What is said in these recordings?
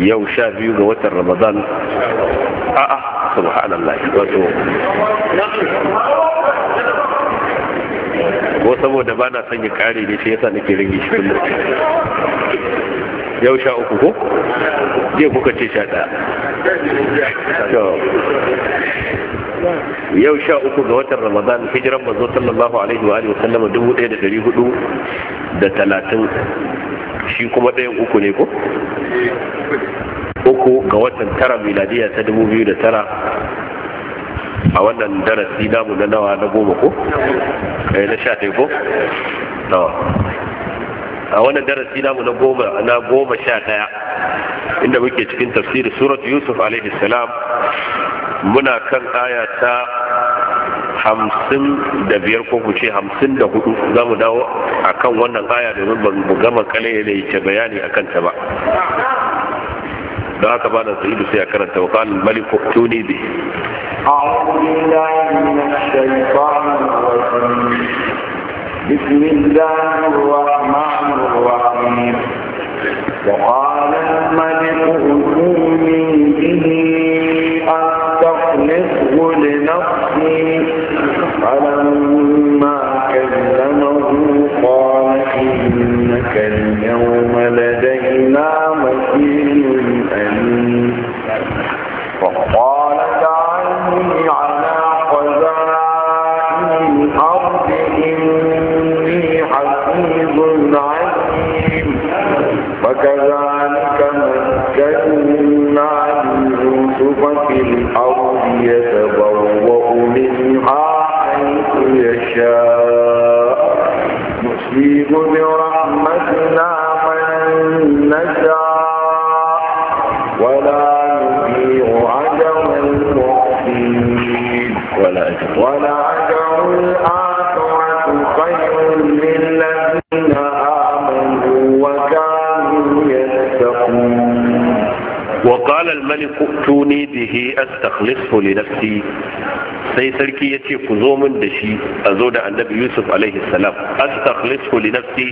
yau sha biyu ga watan ramadan a'a subhanallah wato ko saboda ba na son ya kare ne shi yasa nake ringi shi kullum yau sha uku ko je kuka ce sha ɗaya yau sha uku ga watan ramadan hijiran mazo sallallahu alaihi wa alihi wa sallama dubu ɗaya da ɗari hudu da talatin shi kuma ɗayan uku ne ko uku ga watan tara miladiya ta dubu biyu da tara a wannan darasi namu na nawa na goma ko eh na sha ko nawa a wannan darasi namu na goma na goma sha ɗaya inda muke cikin tafsiri surat yusuf alaihi salam muna kan aya ta hamsin da biyar ko kuce hamsin da hudu za mu dawo a kan wannan aya domin ban mu gama kale da yake bayani a kanta ba don haka ba da sa'idu sai a karanta wa kalin malik tuni bi بسم الله الرحمن الرحيم وقال الملك ائتوني به tuni bihi astakhlisu li nafsi sai sarki ya ce ku zo min da shi a zo da annabi yusuf alaihi salam astakhlisu li nafsi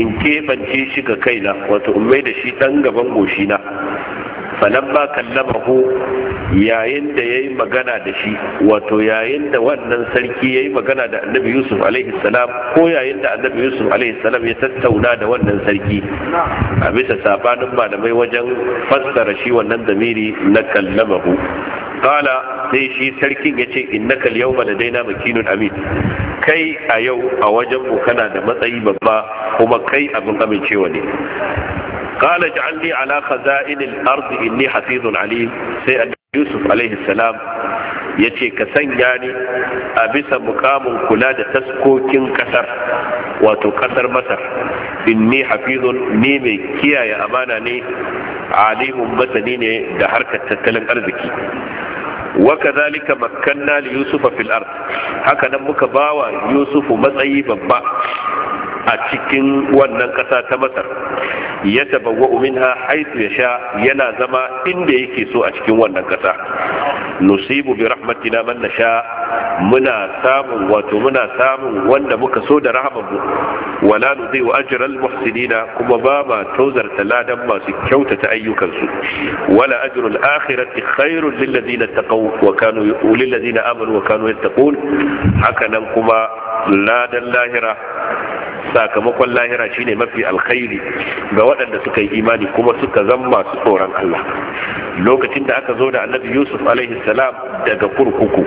in kebance shi ga kaina wato in mai da shi dan gaban ƙoshina. falamma kallamahu yayin da yayi magana da shi wato yayin da wannan sarki yayi magana da annabi yusuf alaihi salam ko yayin da annabi yusuf alaihi salam ya tattauna da wannan sarki a bisa sabanin malamai wajen fassara shi wannan damiri na kallamahu qala sai shi sarkin yace innaka al-yawma ladaina makinun amin kai a yau a wajen mu kana da matsayi babba kuma kai abin amincewa ne qala ja'alni ala khaza'in al-ard inni hafizun alim sai annabi Yusuf yace ka sanya ni a bisa mukamin kula da taskokin kasar wato kasar Masar inni hafizun ni mai kiyaye amana ne alimun masani ne da harkar tattalin arziki وكذلك fil ليوسف في الأرض muka bawa yusufu matsayi babba. a cikin wannan ƙasa ta masar ya tabawwa uminha haitu ya sha yana zama inda yake so a cikin wannan ƙasa nusibu bi rahmatina man sha muna samun wato muna samun wanda muka so da rahaman mu wala nudhi'u ajral muhsinina kuma ba ma tozarta ladan masu kyautata ayyukan su wala ajrul akhirati khairul lil ladina taqaw wa kanu lil ladina amanu wa kanu yattaqun haka kuma ladan lahira sakamakon lahira shine mafi alkhairi ga waɗanda suka yi imani kuma suka zama masu tsoron Allah lokacin da aka zo da annabi Yusuf alaihi salam daga kurkuku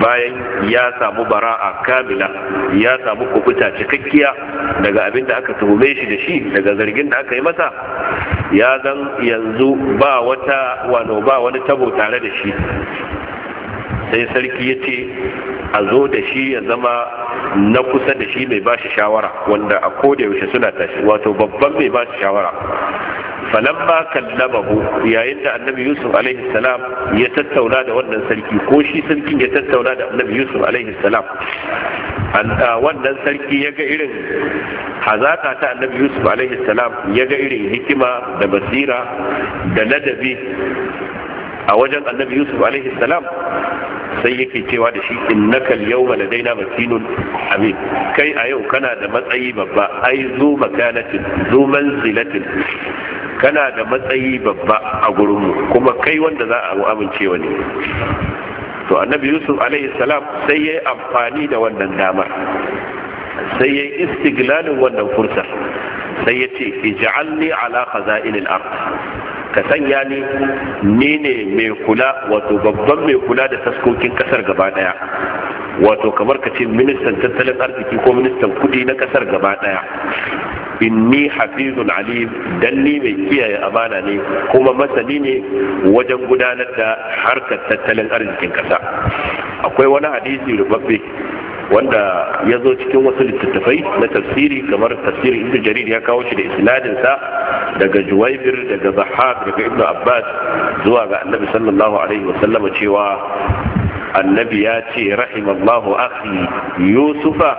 bayan ya samu bara'a kamila ya samu kubuta cikakkiya daga abin da aka tuhume shi da shi daga zargin da aka yi masa ya zan yanzu ba wata wano ba wani tabo tare da shi sai sarki ya ce a zo da shi ya zama na kusa da shi mai bashi shawara wanda a koda yaushe suna tashi wato babban mai bashi shawara falamma kallamahu yayin da annabi yusuf alaihi salam ya tattauna da wannan sarki ko shi sarkin ya tattauna da annabi yusuf alaihi salam wannan sarki ya ga irin hazaka ta annabi yusuf alaihi salam ya ga irin hikima da basira da ladabi a wajen annabi yusuf alaihi salam sai yake cewa da shi innaka al-yawma ladaina makinun amin kai a yau kana da matsayi babba ai zu makanatin zu manzilatin kana da matsayi babba a gurinmu kuma kai wanda za a amincewa ne to annabi yusuf alaihi salam sai ya yi amfani da wannan damar sai ya yi istiglalin wannan fursar sai ya ce ij'alni ala khaza'inil ard ka sanya ni ni ne mai kula wato babban mai kula da taskokin kasar gaba daya wato kamar ka ce ministan tattalin arziki ko ministan kudi na kasar gaba daya inni hafizun dan ni mai kiyaye amana ne kuma masani ne wajen gudanar da harkar tattalin arzikin kasa akwai wani hadisi rubabbe wanda ya zo cikin wasu littattafai na tafsiri kamar tafsirin ibn jarir ya kawo shi da isnadinsa daga juwaibir daga zahab daga ibn abbas zuwa ga annabi sallallahu alaihi wasallam cewa annabi ya ce rahimallahu akhi yusufa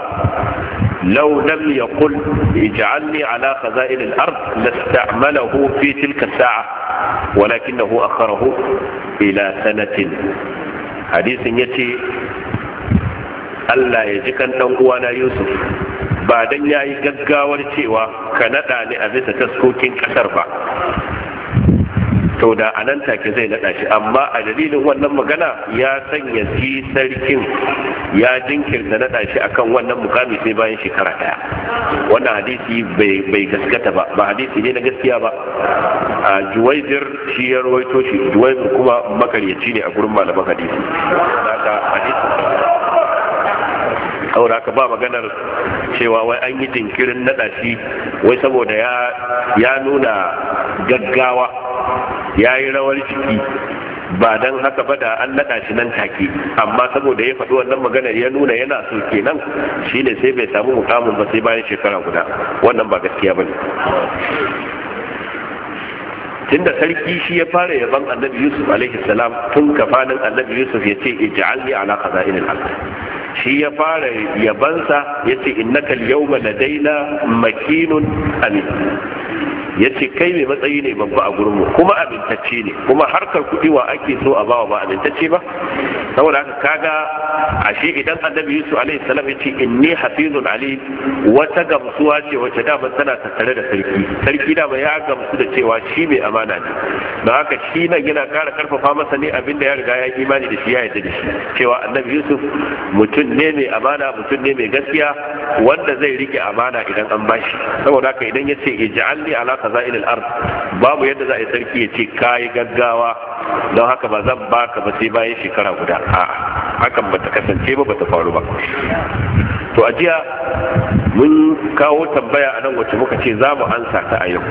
لو لم يقل اجعلني على خزائن الأرض لاستعمله في تلك الساعة ولكنه أخره إلى سنة حديث يتي Allah ya ji kan ɗan uwana Yusuf ba dan yi gaggawar cewa ka naɗa ni a bisa taskokin ƙasar ba to da a nan take zai naɗa shi amma a dalilin wannan magana ya sanya ji sarkin ya jinkirta naɗa shi akan wannan mukami sai bayan shekara ɗaya wannan hadisi bai gaskata ba ba hadisi ne na gaskiya ba a juwaidir shi ya rawaito shi juwaidir kuma makaryaci ne a gurin malaman hadisi hadisi saboda ka ba maganar cewa wai an yi jinkirin naɗa shi wai saboda ya nuna gaggawa ya yi rawar ciki ba don haka ba da an naɗa shi nan take amma saboda ya faɗi wannan maganar ya nuna yana so kenan shine sai bai samu mukamin ba sai bayan shekara guda wannan ba gaskiya ba ne tunda sarki shi ya fara yaban annabi yusuf alaihi tun kafanin annabi yusuf ya ce ij'alni ala al ardh shi ya fara yabansa yace innaka al-yawma daina makinun amin Yace kai mai matsayi ne babba a mu kuma abintacce ne kuma harkar kuɗi wa ake so a bawa ba abintacce ba saboda haka kaga ashe idan annabi yusuf alaihi salam ya ce inni hafizun ali wata gamsuwa ce wacce dama tana tattare da sarki sarki dama ya gamsu da cewa shi mai amana ne don haka shi nan yana kara karfafa masa ne abin da ya riga ya imani da shi ya yarda da shi cewa annabi yusuf mutum ne mai amana mutum ne mai gaskiya wanda zai rike amana idan an bashi saboda haka idan ya ce ij'alni ala khaza'il al-ard babu yadda za a yi sarki ya ce kai gaggawa don haka ba zan baka ba sai bayan shekara guda a hakan ba ta kasance ba ba ta faru ba to a jiya mun kawo tambaya a nan wacce muka ce za mu ansa ta a yau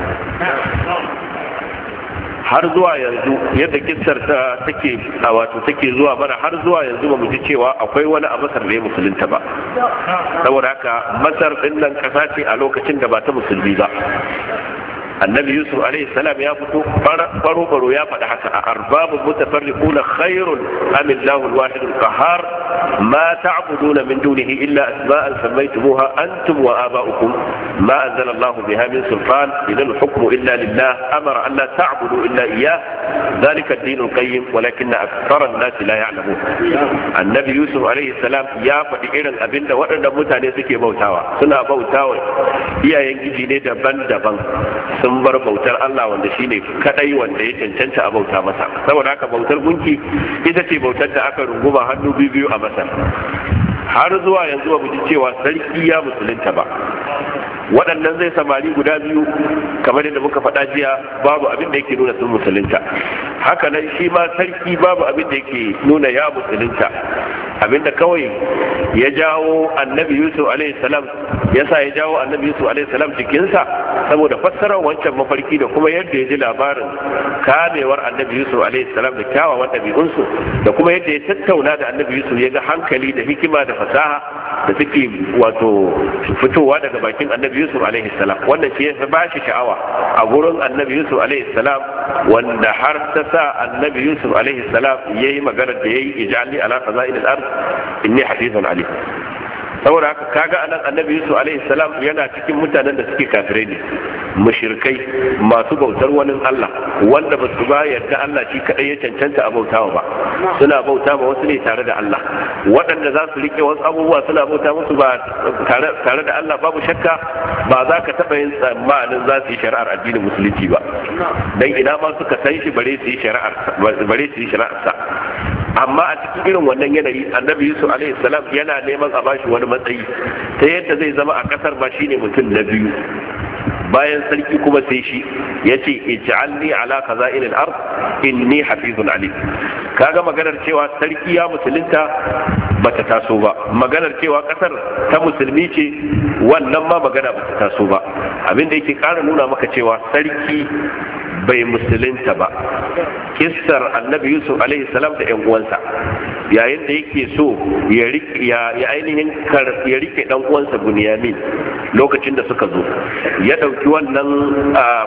har zuwa yanzu yadda kissar ta take a wato take zuwa mana har zuwa yanzu ba mu ji cewa akwai wani a masar da ya musulunta ba saboda haka masar din nan kasa ce a lokacin da ba ta musulmi ba annabi yusuf alaihi salam ya fito baro baro ya faɗi haka a arbabun mutafarriquna khairun am illahu alwahid alqahar ma ta'buduna min dunihi illa asma'an sammaytumuha antum wa aba'ukum ma anzala allah biha min sultan in alhukmu illa lillah amara an la ta'budu illa iyyah ذلك الدين القيم ولكن أكثر الناس لا يعلمون النبي يوسف عليه السلام يا irin abinda waɗanda mutane suke bautawa suna bautawa iyayen giji ne daban-daban sun bar bautar Allah wanda shine kadai wanda ya cancanta a bauta masa saboda haka bautar gunki ita ce bautar da aka runguma hannu biyu biyu a masa. har zuwa yanzu ba ji cewa sarki ya musulunta ba waɗannan zai samari guda biyu kamar yadda muka faɗa jiya babu abin da yake nuna sun musulunta haka nan shi ma sarki babu abin da yake nuna ya musulunta abinda kawai ya jawo annabi yusuf alaihi salam sa ya jawo annabi yusuf alaihi salam jikinsa saboda fassarar wancan mafarki da kuma yadda ya ji labarin kamewar annabi yusuf alaihi salam da kyawawan ɗabi'unsu da kuma yadda ya tattauna da annabi yusuf ya ga hankali da hikima da fasaha da suke wato fitowa daga bakin annabi yusuf alaihi salam Wanda shi ya ba shi sha'awa a gurin annabi yusuf alaihi salam wanda har ta sa annabi yusuf alaihi salam yi magana da ya yi ijali ala qaza'il da ard inni hadithan ali saboda haka kaga anan annabi yusuf alaihi salam yana cikin mutanen da suke kafirai ne mushirkai masu bautar wani Allah wanda ba su ba yarda Allah shi kadai ya cancanta a bautawa ba suna bauta ba wasu ne tare da Allah waɗanda za su rike wasu abubuwa suna bauta musu ba tare da Allah babu shakka ba za ka taɓa yin tsammanin za su yi shari'ar addinin musulunci ba dan ina ma suka san shi bare su yi shari'ar bare su yi shari'ar sa amma a cikin irin wannan yanayi annabi yusuf alaihi salam yana neman a bashi wani matsayi ta yadda zai zama a kasar ba shine mutum na biyu bayan sarki kuma sai shi ya ce ij'alni ala khaza'in al-ard inni hafizun alim kaga maganar cewa sarki ya musulunta bata taso ba maganar cewa kasar ta musulmi ce wannan ma magana bata taso ba Abinda da yake ƙara nuna maka cewa sarki bai musulunta ba kissar annabi yusuf alaihi salam da yan uwansa yayin da yake so ya ainihin ya rike dan uwansa bunyamin lokacin da suka zo ya dauki wannan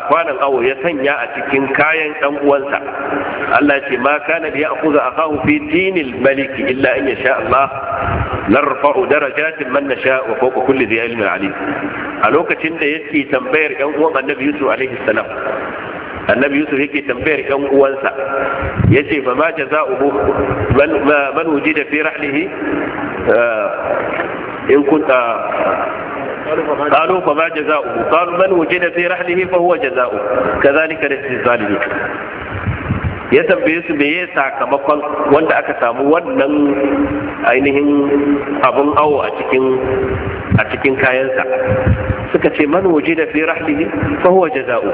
kwanan awo ya sanya a cikin kayan dan uwansa Allah ce ma kana bi ya'khudha akahu fi dinil malik illa in yasha Allah narfa'u darajatin man nasha wa fawqa kulli dhi ilmin alim a lokacin da yake tambayar yan uwan annabi yusuf alaihi salam annabi yusuf yake tambayar yan uwansa ce fa ma jazaa'u man man wujida fi rahlihi eh, in kunta قالوا فما جزاؤه قالوا من وجد في رحله فهو جزاؤه كذلك نجزي الظالمين ya tambaye su me sakamakon wanda aka samu wannan ainihin abun awo a cikin a cikin kayansa suka ce man waje da fi rahlihi fa huwa jazaohu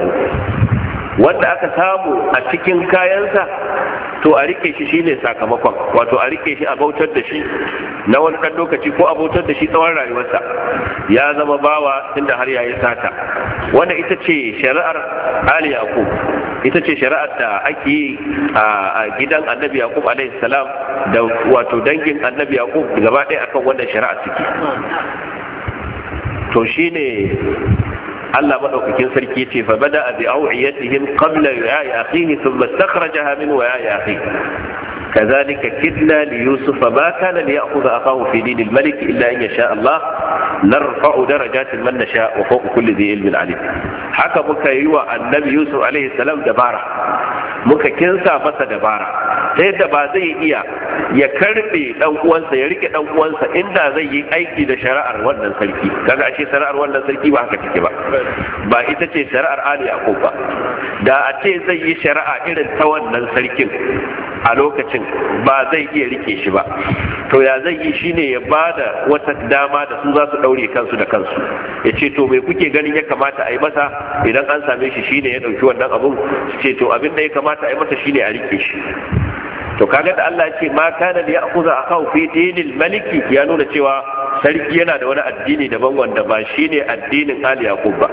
wanda aka samu a cikin kayansa to a rike shi shine sakamakon wato a rike shi a bautar da shi na wani ɗan lokaci ko a bautar da shi tsawon rayuwarsa ya zama bawa tunda har yayi sata wanda ita ce shari'ar ali yaqub ita ce shari'ar da ake yi a gidan annabi yaqub alaihi salam da wato dangin annabi yaqub gaba ɗaya akan wannan shari'a ciki to shine Allah madaukakin sarki yace fa bada bi awiyatihim qabla ya'i akhihi thumma istakhrajaha min wa'i akhihi كذلك كدنا ليوسف ما كان ليأخذ أخاه في دين الملك إلا أن يشاء الله نرفع درجات من نشاء وفوق كل ذي علم عليم حكى بك يوى النبي يوسف عليه السلام دبارة muka kinsa masa dabara ta yadda ba zai iya ya karbe dan uwansa ya rike dan uwansa inda zai yi aiki da shari'ar wannan sarki kaga ashe shari'ar wannan sarki ba haka take ba ba ita ce shari'ar Ali ko ba da a ce zai yi shari'a irin ta wannan sarkin a lokacin ba zai iya rike shi ba to ya zai yi shine ya bada wata dama da su za su daure kansu da kansu ya ce to me kuke ganin ya kamata a yi masa idan an same shi shine ya dauki wannan abun ce to abin da ya kamata a yi masa shine a rike shi to kaga da Allah ya ce ma kana da ya'khudha akahu fi dinil maliki ya nuna cewa sarki yana da wani addini daban wanda ba shine addinin Ali Yaqub ba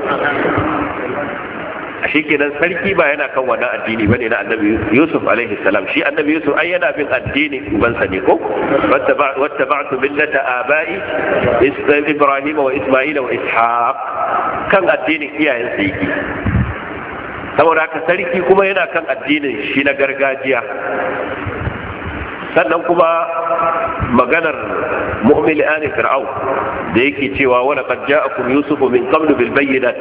shi kenan sarki ba yana kan wannan addini bane na annabi yusuf alaihi salam shi annabi yusuf ai yana bin addinin ban ne ko wattaba'tu millata aba'i ibrahim wa isma'ila wa ishaq kan addinin iyayensa yake saboda haka sarki kuma yana kan addinin shi na gargajiya sannan kuma maganar mu'min ali fir'aun da yake cewa wala qad ja'akum yusuf min qabl bil bayyinat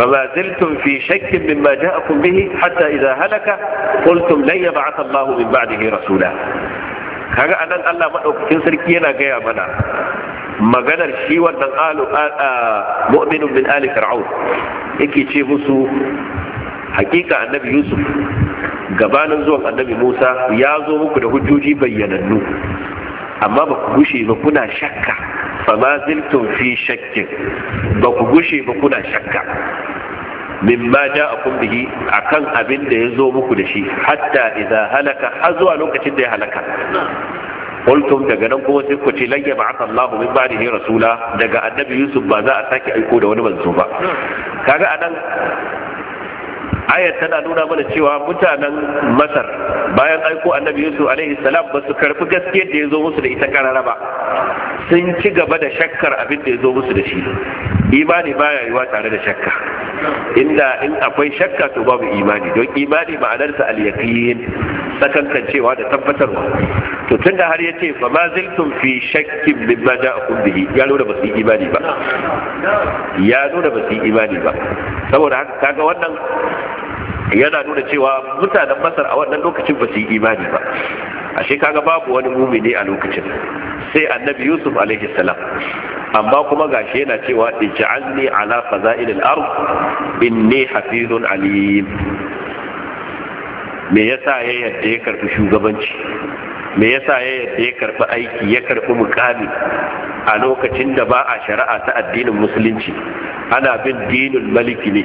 ma zaltum fi shakkin mimma ja'akum bihi hatta idha halaka qultum lan yab'ath Allahu min ba'dihi rasula kaga anan Allah madaukakin sarki yana gaya mana maganar shi wannan alu mu'minun min ali fir'aun yake ce musu hakika annabi yusuf gabanin zuwan annabi musa ya zo muku da hujjoji bayyanannu amma ba ku gushe ba kuna shakka fama ziltum fi shakkin ba ku gushe ba kuna shakka mimma ja'akum bihi akan abin da ya zo muku da shi hatta idza halaka har zuwa lokacin da ya halaka qultum daga nan kuma sai ku ce lan yab'ath Allah min ba'dihi rasula daga annabi Yusuf ba za a sake aiko da wani manzo ba kaga anan ayat tana nuna mana cewa mutanen masar bayan aiko annabi yusuf alaihi salam ba su karfi gaskiyar da ya zo musu da ita karara ba sun ci gaba da shakkar abin da ya zo musu da shi imani baya yiwa tare da shakka inda in akwai shakka to babu imani don imani ma'anarsa al-yaqin sakankan cewa da tabbatarwa to tunda har ya ce fa ma ziltum fi shakkin mimma ja'akum bihi ya nuna ba su imani ba ya nuna ba su imani ba saboda haka kaga wannan yana nuna cewa mutanen masar a wannan lokacin ba su yi imani ba ashe kaga babu wani mumini a lokacin sai annabi yusuf alaihi salam amma kuma gashi yana cewa ij'alni ala fazail al-ard inni hafizun alim me yasa ya yadda ya karbi shugabanci me yasa ya yadda ya karbi aiki ya karbi mukami a lokacin da ba a shari'a ta addinin musulunci ana bin dinin maliki ne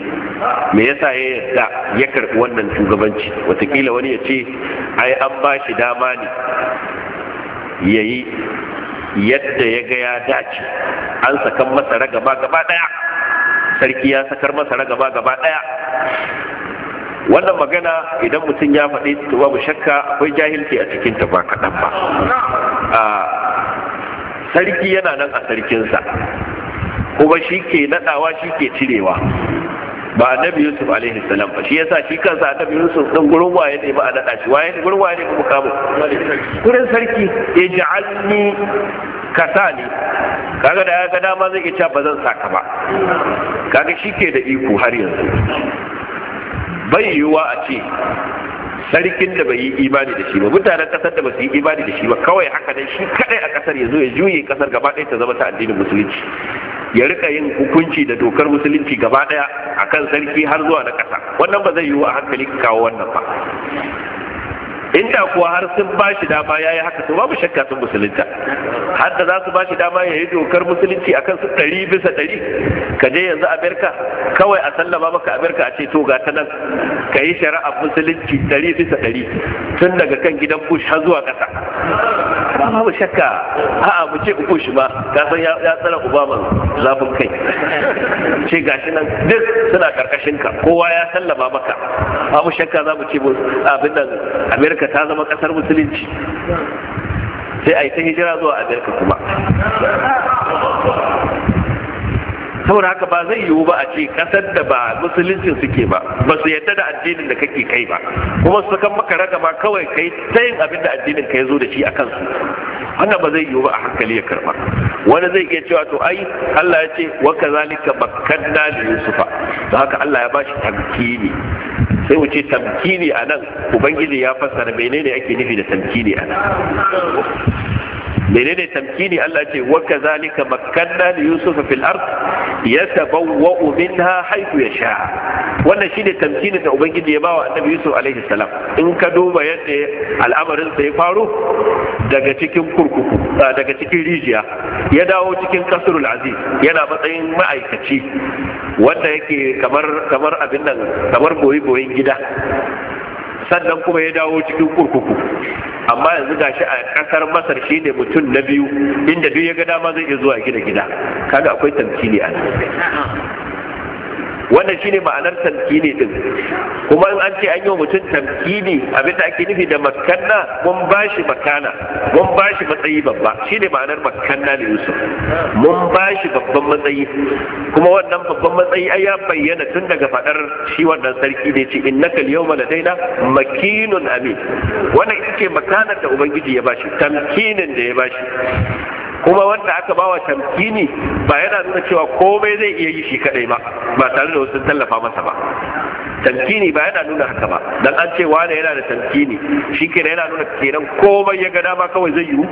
me yasa ya yadda ya karbi wannan shugabanci watakila wani ya ce ai an ba shi dama ne ya yi yadda ya ga ya dace an sakan masa ragaba gaba daya sarki ya sakar masa ragaba gaba daya wannan magana idan mutum ya faɗi to babu shakka akwai jahilci a cikin ta ba kaɗan ba ah, sarki yana nan a sarkinsa kuma shi ke naɗawa shi ke cirewa ba annabi yusuf alaihi salam ba shi yasa shi kansa annabi yusuf din gurin waye ne ba a naɗa shi waye ne gurin waye ne kuma kamo gurin sarki ya ja'alni kasa ne kaga da ya ga dama zai iya ba zan saka ba kaga shi ke da iko har yanzu bai yiwuwa a ce sarkin da bai yi imani da shi ba mutanen kasar da ba su yi imani da shi ba kawai haka nan shi kadai a kasar ya zo ya juye kasar gaba ɗaya ta zama ta addinin musulunci ya rika yin hukunci da dokar musulunci gaba ɗaya akan sarki har zuwa na ƙasa wannan ba zai yiwu a hankali kawo wannan ba inda kuwa har sun ba shi dama ya yi haka to babu shakka sun musulunta har da za su ba shi dama ya yi dokar musulunci akan su ɗari bisa ɗari ka je yanzu amerika kawai a sallama maka amerika a ce to ga ta nan ka yi shari'ar musulunci ɗari bisa ɗari tun daga kan gidan bush har zuwa ƙasa babu shakka a'a mu ce bush ma ka san ya tsara obama zafin kai ce gashi nan duk suna ƙarƙashin ka kowa ya sallama maka babu shakka za mu ce abin nan amerika amerika ta zama kasar musulunci sai a yi ta hijira zuwa amerika kuma saboda haka ba zai yiwu ba a ce kasar da ba musuluncin suke ba ba su yadda da addinin da kake kai ba kuma su kan maka ragama kawai kai ta yin abin da addinin ka ya zo da shi a kansu wannan ba zai yiwu ba a hankali ya karba wani zai iya cewa to ai Allah ya ce wa kazalika bakkanna li yusufa don haka Allah ya bashi tamkini sai wuce ce tamkini a nan ubangiji ya fassara menene ake nufi da tamkini a nan menene tamkini Allah ce wa kazalika makkanna li yusuf fil ard yatabawwa'u minha haythu yasha wannan shine tamkini da ubangiji ya bawa annabi yusuf alaihi salam in ka duba yadda al'amarin sa ya faru daga cikin kurkuku daga cikin rijiya ya dawo cikin kasrul aziz yana matsayin ma'aikaci wanda yake kamar kamar abin nan kamar boyi boyin gida sannan kuma ya dawo cikin kurkuku amma yanzu gashi a kasar masar shi ne mutum na biyu inda duk ya ga dama zai iya zuwa gida gida kaga akwai tamkili a nan wannan shine ma'anar tamkini din kuma in an ce an yi wa mutum tamkini abin da ake nufi da makanna mun ba shi makana mun ba matsayi babba shine ma'anar makanna da yusuf mun bashi shi babban matsayi kuma wannan babban matsayi ai ya bayyana tun daga fadar shi wannan sarki ne ce innaka yawma ladaina makinun amin wannan ita ce makanar da ubangiji ya bashi tamkinin da ya bashi kuma wanda aka bawa tamkini ba yana nuna cewa komai zai iya yi shi kadai ba ba tare da wasu tallafa masa ba tamkini ba yana nuna haka ba dan an ce wane yana da tamkini shi ke yana nuna kenan komai ya gada ma kawai zai yiwu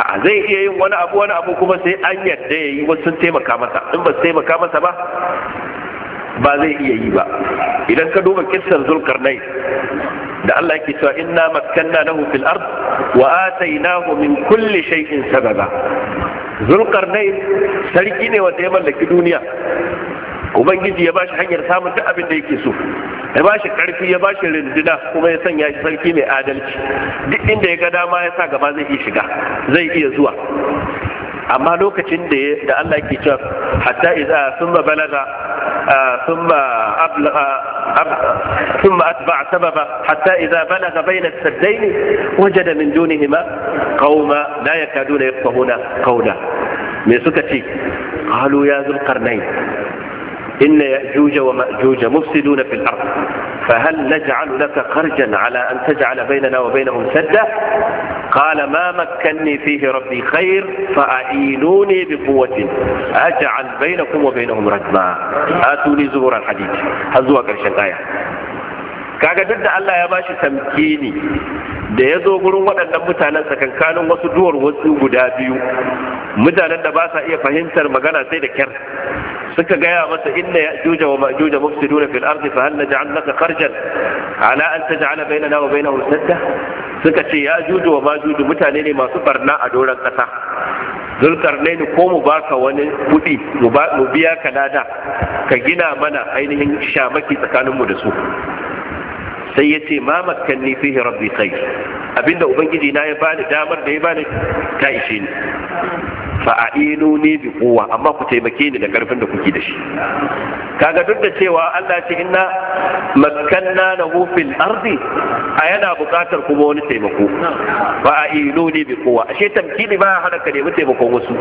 a'a zai iya yin wani abu wani abu kuma sai an yarda ya yi wasu taimaka masa in ba su taimaka masa ba ba zai iya yi ba idan ka duba kissar zulkarnai da Allah yake cewa inna makkanna lahu fil ard wa atainahu min kulli shay'in sababa zulkarnai sarki ne wanda ya mallaki duniya ubangiji ya ba shi hanyar samun duk abin da yake so ya ba shi karfi ya ba shi rinduna kuma ya sanya shi sarki mai adalci duk inda ya ga dama ya sa gaba zai iya shiga zai iya zuwa amma lokacin da da Allah yake cewa hatta idza thumma balaga thumma ablaga ثم أتبع سببا حتى إذا بلغ بين السدين وجد من دونهما قوما لا يكادون يفقهون قولا من سكتي قالوا يا ذو القرنين إن يأجوج ومأجوج مفسدون في الأرض فهل نجعل لك خرجا على أن تجعل بيننا وبينهم سدا قال ما مكني فيه ربي خير فأعينوني بقوة أجعل بينكم وبينهم ردما آتوني زبور الحديد هل زوا كرشن آية كاكا duk يا باشا تمكيني da ya zo gurin waɗannan mutanen tsakankanin wasu duwar wasu guda biyu mutanen da ba sa iya fahimtar magana sai da kyar suka gaya masa inna ya juja wa majuja mufsiduna fil ardi fa hal naj'al laka kharjan ala an taj'ala bainana wa bainahum sadda suka ce ya juja wa majuju mutane ne masu barna a doron kasa zulkarnaini ko mu baka wani kuɗi mu biya ka lada ka gina mana ainihin shamaki tsakaninmu da su sai ya ce ma makkanni fihi rabbi khair abinda ubangiji na ya bani damar da ya bani ta ishe ni fa'ainu ni bi kowa amma ku taimake ni da karfin da kuke da shi kaga duk da cewa Allah ce inna makanna lahu fil ardi a yana buƙatar kuma wani taimako fa'ainu ni bi kowa ashe tamkini ba hana ka nemi taimakon wasu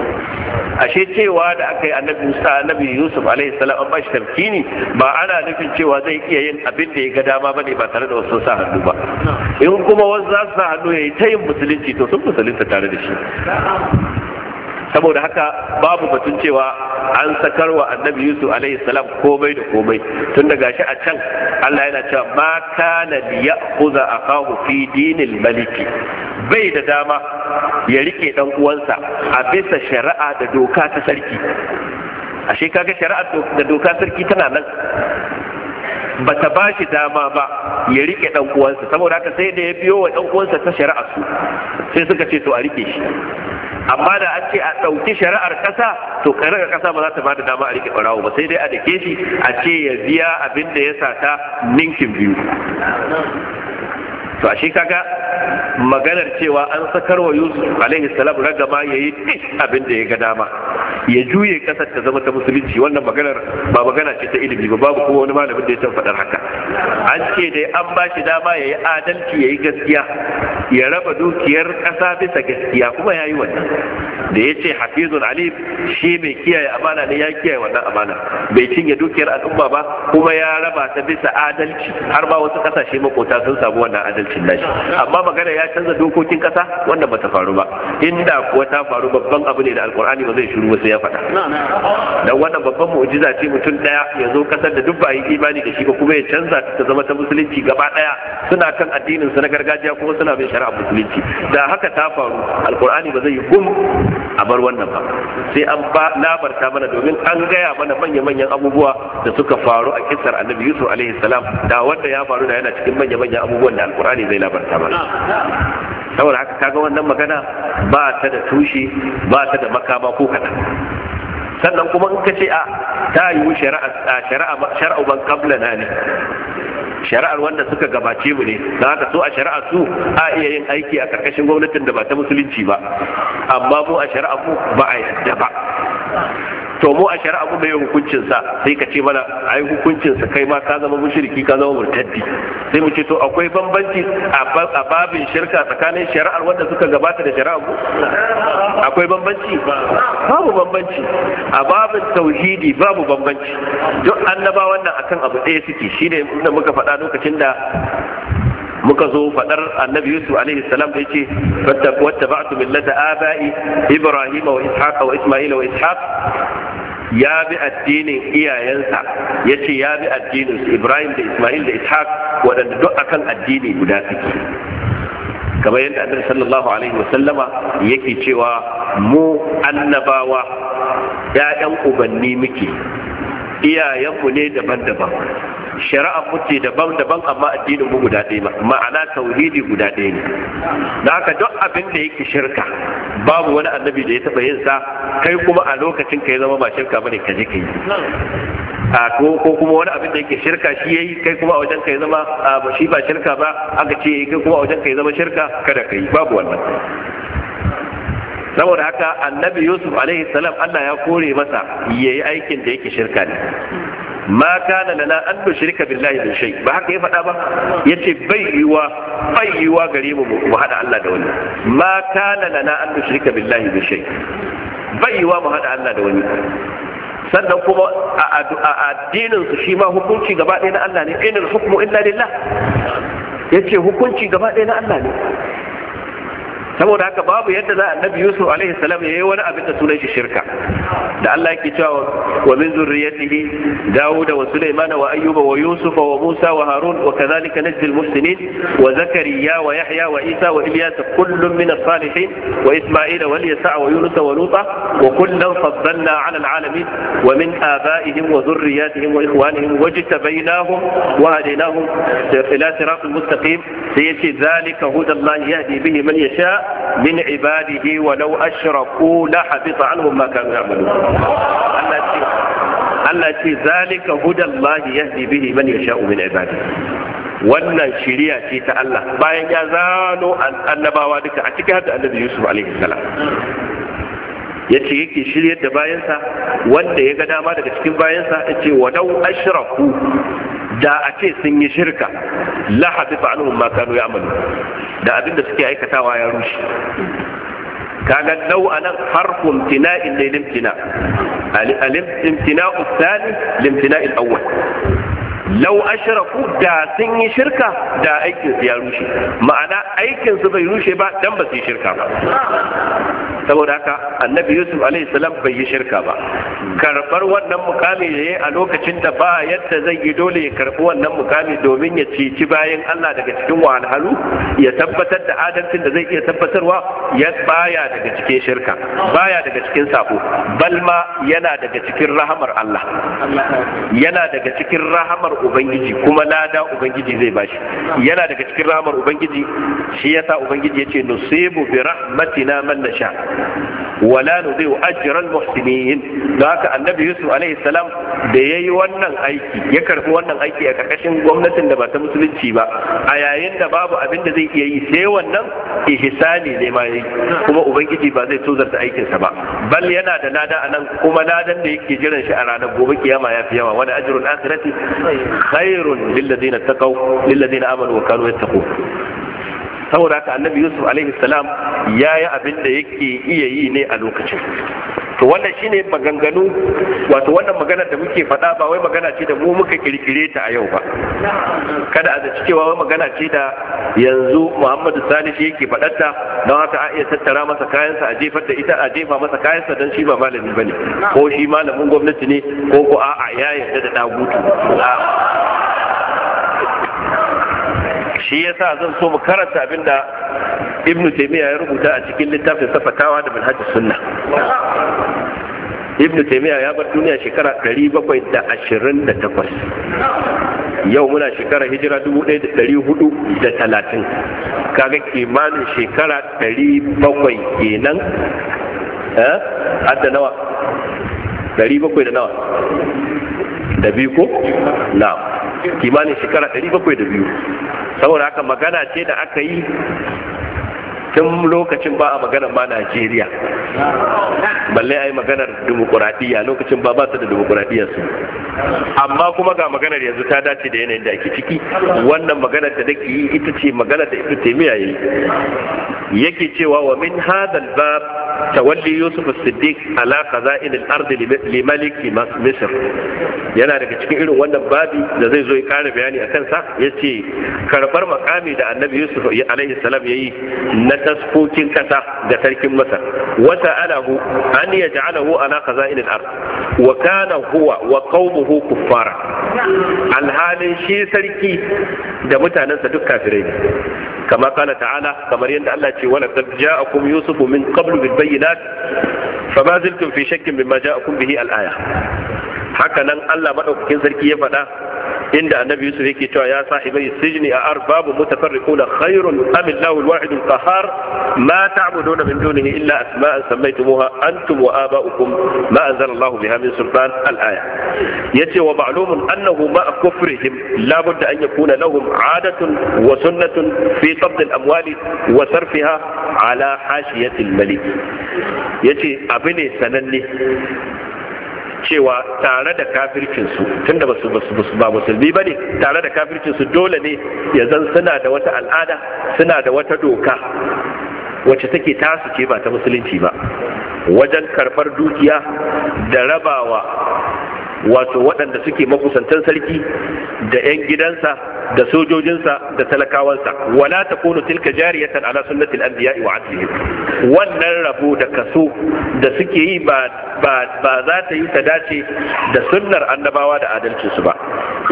ashe cewa da aka yi annabi Musa annabi Yusuf alaihi salam an bashi tamkini ba ana nufin cewa zai iya yin abin da ya ga dama bane ba tare da wasu sa hannu ba in kuma wasu za su sa hannu ya yi ta yin musulunci to sun musulunta tare da shi saboda haka babu batun cewa an sakarwa annabi yusuf alaihi salam komai da komai tun da gashi a can Allah yana cewa ma kana liya'khudha akahu fi dinil maliki bai da dama ya rike dan uwansa a bisa shari'a da doka ta sarki ashe kaga shari'a da doka sarki tana nan ba ta ba dama ba ya rike dan uwansa saboda haka sai da ya biyo wa dan uwansa ta shari'a su sai suka ce to a rike shi amma da an ce a ɗauki shari'ar ƙasa to ƙarar ƙasa ba za ta bada dama a rike barawo ba sai dai a dake shi a ce ya biya abin da ya sata ninkin biyu to a shi kaga maganar cewa an sakarwa yusuf alaihi salam ragama ya yi duk abin da ya ga dama ya juye kasar ta zama ta musulunci wannan maganar ba magana ce ta ilimi ba babu kuma wani malamin da ya san faɗar haka an ce dai an ba shi dama ya yi adalci ya yi gaskiya ya raba dukiyar ƙasa bisa gaskiya kuma ya yi wannan da ya ce hafizun alif shi mai kiyaye amana ne ya kiyaye wannan amana bai cinye dukiyar al'umma ba kuma ya raba ta bisa adalci har ba wasu ƙasashe makota sun samu wannan adalcin nashi amma magana ya canza dokokin ƙasa wannan bata faru ba inda kuwa ta faru babban abu ne da alkur'ani ba zai shiru wasu ya faɗa dan wannan babban mu'jiza ce mutum ɗaya ya zo ƙasar da duk ba yi imani da shi ba kuma ya canza ta zama ta musulunci gaba ɗaya suna kan addinin su na gargajiya kuma suna bin shari'ar musulunci da haka ta faru alkur'ani ba zai yi gum a bar wannan ba sai an ba labarta mana domin an gaya mana manya-manyan abubuwa da suka faru a kisar annabi yusuf alaihi salam da wanda ya faru da yana cikin manya-manyan abubuwan da alkur'ani zai labarta mana saboda haka kaga wannan magana ba ta da tushe ba ta da makama ko kaɗan sannan kuma in ka ce a ta yiwu shari'a shari'a kabla na ne shari'ar wanda suka gabace mu ne don haka so a shari'ar su a iya yin aiki a karkashin gwamnatin da ba ta musulunci ba amma mu a shari'ar mu ba a yadda ba to mu a shari'a mu bai hukuncin sa sai ka ce mana ai hukuncin sa kai ma ka zama mushriki ka zama murtaddi sai mu ce to akwai bambanci a babin shirka tsakanin shari'ar wanda suka gabata da shari'a mu akwai bambanci babu bambanci a babin tauhidi babu bambanci duk annaba wannan akan abu ɗaya suke shine inda muka faɗa lokacin da muka zo fadar annabi yusuf alaihi salam da yace wattaba'tu millata aba'i ibrahima wa ishaqa wa isma'ila wa ishaq ya bi addinin iyayensa ya ce ya bi addinin su ibrahim da ismail da ishaq waɗanda duk akan addini guda suke kamar yadda annabi sallallahu alaihi wasallama yake cewa mu annabawa ya'yan ubanni muke iyayenmu ne daban-daban shari'a muke daban-daban amma addinin mu guda ɗaya ma'ana tauhidi guda ɗaya ne da haka duk abin da yake shirka babu wani annabi da ya taɓa yin sa kai kuma a lokacin ka ya zama ba shirka bane ka je ka yi a ko kuma wani abin da yake shirka shi yayi kai kuma a wajen ka ya zama ba shi ba shirka ba aka ce kai kuma a wajen ka ya zama shirka kada ka yi babu wannan saboda haka annabi yusuf alaihi salam allah ya kore masa yayi aikin da yake shirka ne ma kana lana an nushrika billahi min shay ba haka ya faɗa ba yace bai yiwa bai yiwa gare mu mu hada Allah da wani ma kana lana an nushrika billahi min shay bai yiwa mu hada Allah da wani sannan kuma a addinin su shi ma hukunci gaba ɗaya na Allah ne inal hukmu illa lillah yace hukunci gaba ɗaya na Allah ne saboda haka babu yadda za a nabi yusuf alaihi salam yayi wani abin da sunan shi shirka da Allah yake cewa wa min zurriyatihi daud wa sulaiman wa ayyub wa yusuf wa musa wa harun wa kadhalika najzi al muhsinin wa zakariya wa yahya wa isa wa ilyas kullun min as salihin wa isma'ila wa yasa wa yunus wa luta wa kullan faddalna ala al alamin wa min abaihim wa zurriyatihim wa ikhwanihim wajtabainahum wa hadainahum ila siratil mustaqim sayati yace zalika hudallahi yahdi bihi man yasha min ibadihi walau ashraku la habita anhum ma kanu ya'malun Allah ce Allah ce zalika hudallahi yahdi bihi man yasha'u min ibadihi wannan shiriya ce ta Allah bayan ya zano annabawa duka a cikin hada annabi Yusuf alaihi salam ce yake shiryar da bayansa wanda ya ga dama daga cikin bayansa yace wa law ashraku da a ce sun yi shirka la habita anhum ma kanu ya'malu da abin da suke aikatawa ya rushe kaga nau anan harfun tina'in ne limtina al-imtina'u thani limtina'il awwal lau ashraku da sun yi shirka da aikin ya rushe ma'ana aikin su bai rushe ba dan ba su yi shirka ba saboda haka annabi yusuf alaihi salam bai yi shirka ba karbar wannan mukami da yayi a lokacin da ba yadda zai yi dole ya karbi wannan mukami domin ya cici bayan Allah daga cikin wahalhalu ya tabbatar da adalcin da zai iya tabbatarwa ya baya daga cikin shirka baya daga cikin sako balma yana daga cikin rahamar Allah yana daga cikin rahamar ubangiji kuma lada ubangiji zai bashi yana daga cikin ramar ubangiji shi yasa ubangiji yace nusibu bi rahmatina man nasha wala ajra al muhsinin don haka annabi yusuf alaihi salam da yayi wannan aiki ya karbi wannan aiki a karkashin gwamnatin da ba ta musulunci ba a yayin da babu abin da zai iya yi sai wannan ihsani ne ma yayi kuma ubangiji ba zai tozarta aikinsa ba bal yana da lada anan kuma ladan da yake jiran shi a ranar gobe kiyama fi yawa wani ajrul akhirati خير للذين اتقوا للذين امنوا وكانوا يتقون saboda ka annabi yusuf alaihi salam ya yi abin da yake iya yi ne a lokacin to wannan shine maganganu wato wannan magana da muke faɗa ba wai magana ce da mu muka kirkire ta a yau ba kada a zaci cewa wai magana ce da yanzu muhammadu sani yake faɗarta don haka a iya tattara masa kayansa a jefar da ita a jefa masa kayansa don shi ba malami bane ko shi malamin gwamnati ne ko ko a'a ya yarda da dagutu shi sa zan so mu karanta abinda ibnu taymiya ya rubuta a cikin littafin safatawa da manhajus sunna ibnu taymiya ya bar duniya shekara 728 yau muna shekara hijira 1430 kaga kimanin shekara 700 kenan eh adda nawa 700 da nawa da biyu ko na'am kimanin shekara 702 saboda haka magana ce da aka yi tun lokacin ba a magana ma Najeriya balle a yi maganar dimokuraɗiyya lokacin ba ba su da dimokuraɗiyyar su amma kuma ga maganar yanzu ta dace da yanayin da ake ciki wannan maganar da nake yi ita ce maganar da ita ce miyaye yake cewa wa min hadal bab tawalli yusuf as-siddiq ala qaza'il al-ard li malik misr yana daga cikin irin wannan babi da zai zo ya kara bayani akan sa yace karbar makami da annabi yusuf alaihi salam yayi na taskokin kasa ga sarkin masar wata alahu an ya ja'alahu ala khaza'in al-ard wa kana huwa wa qaumuhu kuffara alhalin shi sarki da mutanensa duk kafirai ne kama kana ta'ala kamar yadda Allah ce wala qad ja'akum yusufu min qablu bil bayyinat fama ziltum fi shakkin mimma ja'akum bihi al-aya haka nan Allah madaukakin sarki ya faɗa inda annabi yusuf yake cewa ya sahibai sijni a arbabu mutafarriquna khairun am illahu alwahid alqahar ma ta'buduna min dunihi illa asma'an sammaytumuha antum wa aba'ukum ma anzala allah biha min sultan alaya yace wa ma'lumun annahu ma kufrihim la budda an yakuna lahum 'adatun wa sunnatun fi qabd al-amwali wa sarfiha ala hashiyati al-malik yace abine sananne cewa tare da kafircinsu tunda ba basu ba musulmi ba ne tare da kafircinsu dole ne ya zan suna da wata al'ada suna da wata doka wacce take tasu ce ba ta musulunci ba wajen karɓar dukiya da rabawa wato waɗanda suke makusantan sarki da 'yan gidansa da sojojinsa da talakawansa wala ta kunu tilka jariyatan ala al anbiya wa aslihim wannan rabo da kaso da suke yi ba ba za ta yi ta dace da sunnar annabawa da adalci su ba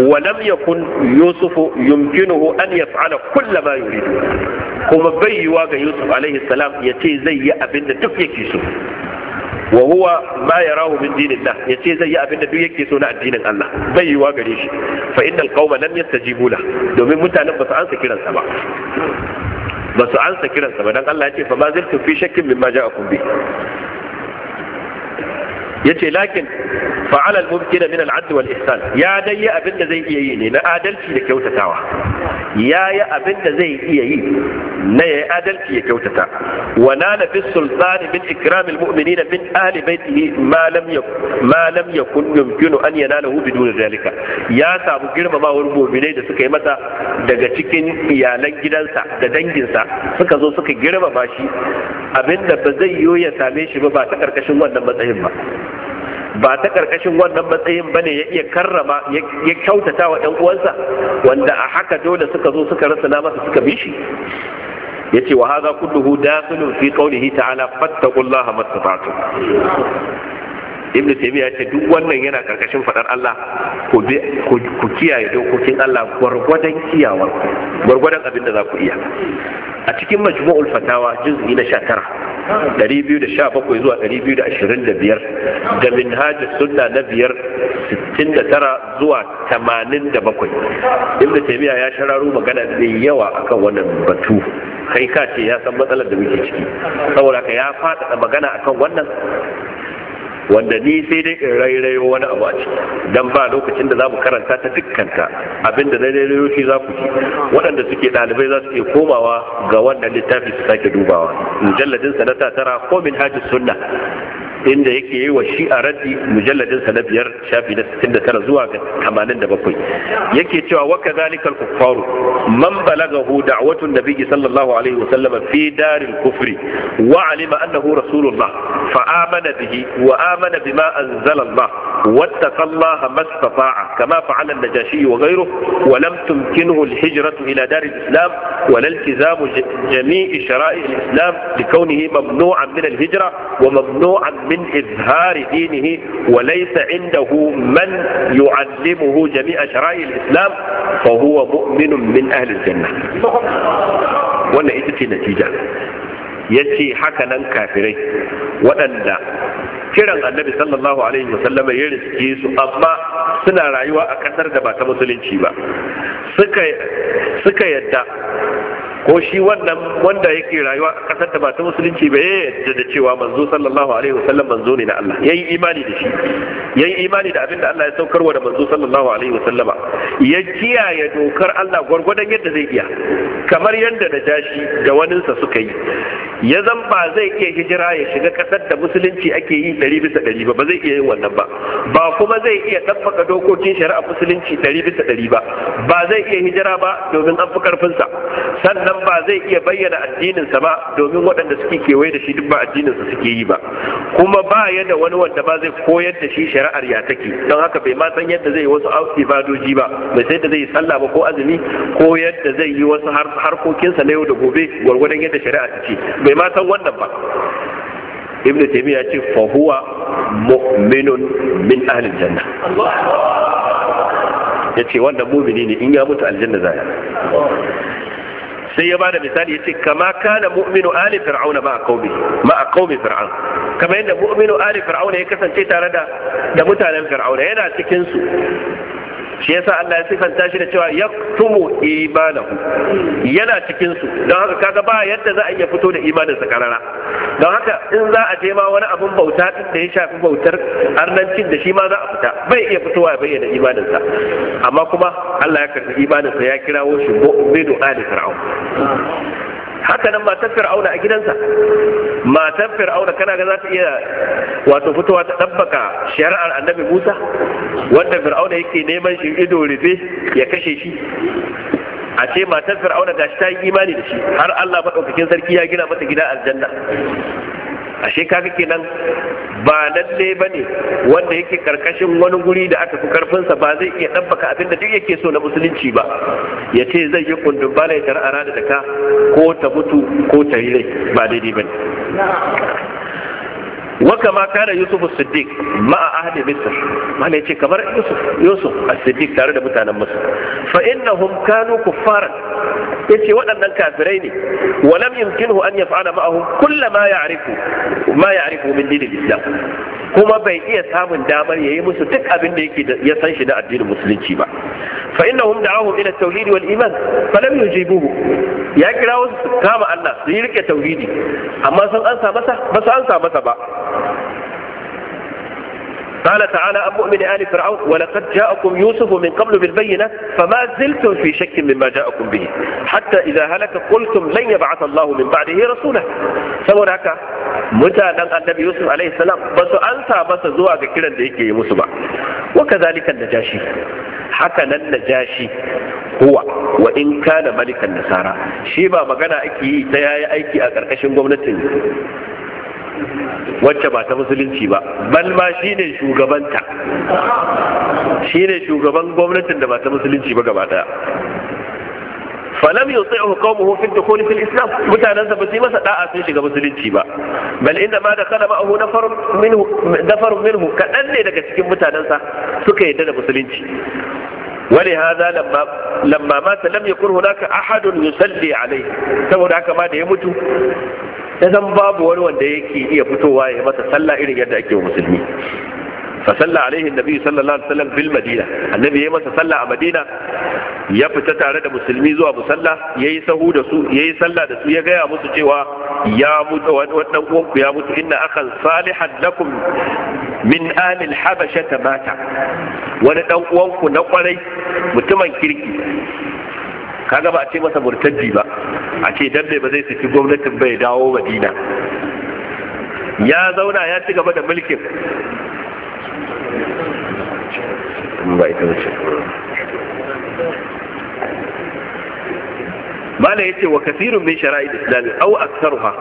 walam yakun yusufu yumkinuhu an yaf'ala kullu ma yuridu kuma bai yiwa ga yusuf alaihi salam ya ce zai yi abinda da duk yake so wa huwa ma yarahu min dinillah yace zai yi abin da duk yake so na addinin Allah bai yiwa gare shi fa innal qauma lam yastajibu la domin mutanen ba su ansa kiransa ba ba su ansa kiransa ba dan Allah ya ce fa ma zaltu fi shakkin mimma ja'akum bi yace lakin fa'ala al-mumkin min al-'adl wal ihsan ya dai abin da zai iya yi ne na adalci da kyautatawa ya yi abinda zai iya yi na adalci ya kyautata wa nala fi sultani min ikram al-mu'minina min ahli baitihi ma lam yakun ma lam yakun yumkinu an yanalahu bidun zalika ya samu girmamawar mu'minai da suka yi masa daga cikin iyalan gidansa da danginsa suka zo suka girmama shi abinda ba zai yiwu ya same shi ba ba ta karkashin wannan matsayin ba ba ta karkashin wannan matsayin ba ne ya iya karrama ya kyautata wa ɗan uwansa wanda a haka dole suka zo suka rasa na masa suka bi shi ya ce wa haza kulluhu dakhilun fi qawlihi ta'ala fattaqullaha mastata'tum ibnu taymiya ce duk wannan yana karkashin fadar Allah ku ku kiyaye dokokin Allah gurgurdan kiyawa gurgurdan abin da za ku iya a cikin majmu'ul fatawa juz'i na 19 217 zuwa 225 da minhaj sunna na biyar 69 zuwa 87 ibnu taymiya ya shararu magana mai yawa akan wannan batu kai ka ce ya san matsalar da muke ciki saboda ka ya fada magana akan wannan wanda ni sai dai in rairayo wani abu a ciki dan ba lokacin da za mu karanta ta dukkanta abinda na rairayo shi za ku ji waɗanda suke ɗalibai za su iya komawa ga wannan littafi su sake dubawa mujalladin sa na tara ko min hajji sunna inda yake yi wa shi a raddi mujalladin sa na biyar shafi na 69 zuwa ga 87 yake cewa wa kadhalikal kufaru man balaga hu da'watu nabiyyi sallallahu alaihi wa sallam fi daril kufri wa alima annahu rasulullah fa amana bihi wa amana bima anzala Allah wa واتقى الله ما استطاع كما فعل النجاشي وغيره ولم تمكنه الهجرة إلى دار الإسلام ولا التزام جميع شرائع الإسلام لكونه ممنوعا من wa mamnu'an min izhari dinihi wa laysa indahu man yu'allimuhu jami'a shara'i islam fa huwa mu'minun min ahli janna wannan ita ce natija yace haka nan kafirai waɗanda kiran annabi sallallahu alaihi wasallam ya riske su amma suna rayuwa a ƙasar da ba ta musulunci ba suka yadda ko shi wannan wanda yake rayuwa a kasar ta ba ta musulunci ba ya yadda da cewa manzo sallallahu alaihi wasallam manzo ne na Allah yayi imani da shi yayi imani da abin da Allah ya saukarwa da manzo sallallahu alaihi wasallama ya kiyaye dokar Allah gwargwadon yadda zai iya kamar yadda da jashi da waninsa suka yi ya zan ba zai iya hijira ya shiga kasar da musulunci ake yi ɗari bisa ɗari ba ba zai iya yin wannan ba ba kuma zai iya tabbaka dokokin shari'a musulunci ɗari bisa ɗari ba ba zai iya hijira ba domin an fi ƙarfinsa sannan sannan ba zai iya bayyana addininsa ba domin waɗanda suke kewaye da shi duk ba addininsa suke yi ba kuma ba ya da wani wanda ba zai koyar da shi shari'ar ya take don haka bai ma san yadda zai yi wasu ibadoji ba bai sai da zai sallah ba ko azumi ko yadda zai yi wasu harkokinsa na yau da gobe gwargwadon yadda shari'a ta ce bai ma san wannan ba ibnu taymiya ce fa huwa mu'minun min ahli janna ya ce wanda mu'mini ne in ya mutu aljanna zai sai ya bada misali yace kama kana mu'minu ali fir'auna ma qaumi ma qaumi fir'aun kama yadda mu'minu ali fir'auna ya kasance tare da da mutanen fir'auna yana cikin su shi yasa Allah ya sifanta shi da cewa yaktumu imanahu yana cikin su don haka kaga ba yadda za a iya fito da imanin sa karara don haka in za a je ma wani abun bauta din da ya shafi bautar arnancin da shi ma za a fita bai iya fitowa ya bayyana imanin sa amma kuma Allah ya karbi imanin sa ya kirawo shi bidu ali fir'aun haka nan matar fir'auna a gidansa matar fir'auna kana ga za ta iya wato fitowa ta ɗabbaka shari'ar annabi musa wanda fir'auna yake neman shi ido rufe ya kashe shi a ce matar fir'auna gashi ta yi imani da shi har Allah madaukakin sarki ya gina mata gida aljanna ashe kaga kenan ba lalle ba ne wanda yake karkashin wani guri da aka fi karfinsa ba zai iya ɗabbaka abin da duk yake so na musulunci ba ya ce zai yi kundin bala ya tar'ara da ka ko ta mutu ko ta yi rai ba daidai ba ne kama kana yusuf siddiq a ahli misr mala yace kamar yusuf yusuf siddiq tare da mutanen misr fa innahum kanu kuffaran yace waɗannan kafirai ne wa lam yumkinuhu an yaf'ala ma'ahum kull ya'rifu ma ya'rifu min dinil islam kuma bai iya samun damar yayi musu duk abin da yake ya san shi na addinin musulunci ba fa innahum da'awhum ila tauhid wal iman falam yujibuhu ya kira wasu su kama Allah su yi rike tauhidi amma sun ansa masa ba su ansa masa ba قال تعالى أم مؤمن آل فرعون ولقد جاءكم يوسف من قبل بالبينة فما زلتم في شك مما جاءكم به حتى إذا هلك قلتم لن يبعث الله من بعده رسولا saboda haka mutanen annabi yusuf alaihi salam ba su ansa masa zuwa ga kiran da yake yi musu ba wa kazalika najashi haka nan najashi huwa wa in kana malikan nasara shi ba magana ake yi ta yayi aiki a ƙarƙashin gwamnatin wacce ba ta musulunci ba bal ma shine shugabanta shine shugaban gwamnatin da ba ta musulunci ba gaba daya falam yuti'uhu qaumuhu fi dukhuli fil islam mutanansa ba su yi masa da'a sun shiga musulunci ba bal inda ma dakala ma'ahu nafar minhu nafar minhu kadan ne daga cikin mutanansa suka yadda da musulunci ولهذا لما لما مات لم يكن هناك احد يصلي عليه saboda haka ma da ya mutu ya zan babu wani wanda yake iya fitowa ya masa sallah irin yadda ake wa musulmi fa salla alaihi nabi sallallahu alaihi wasallam bil madina annabi yayi masa sallah a madina ya fita tare da musulmi zuwa musalla yayi sahu da su yayi sallah da su ya gaya musu cewa ya mutu wannan uwanku ya mutu inna akhan salihan lakum min ali al-habasha mata wani dan uwanku na kwarai mutumin kirki kaga ba a ce masa murtaddi ba a ce dan ba zai saki gwamnatin bai dawo madina ya zauna ya ci gaba da mulkin ba ita mala yace wa kathirun min shara'id islam aw aktharuha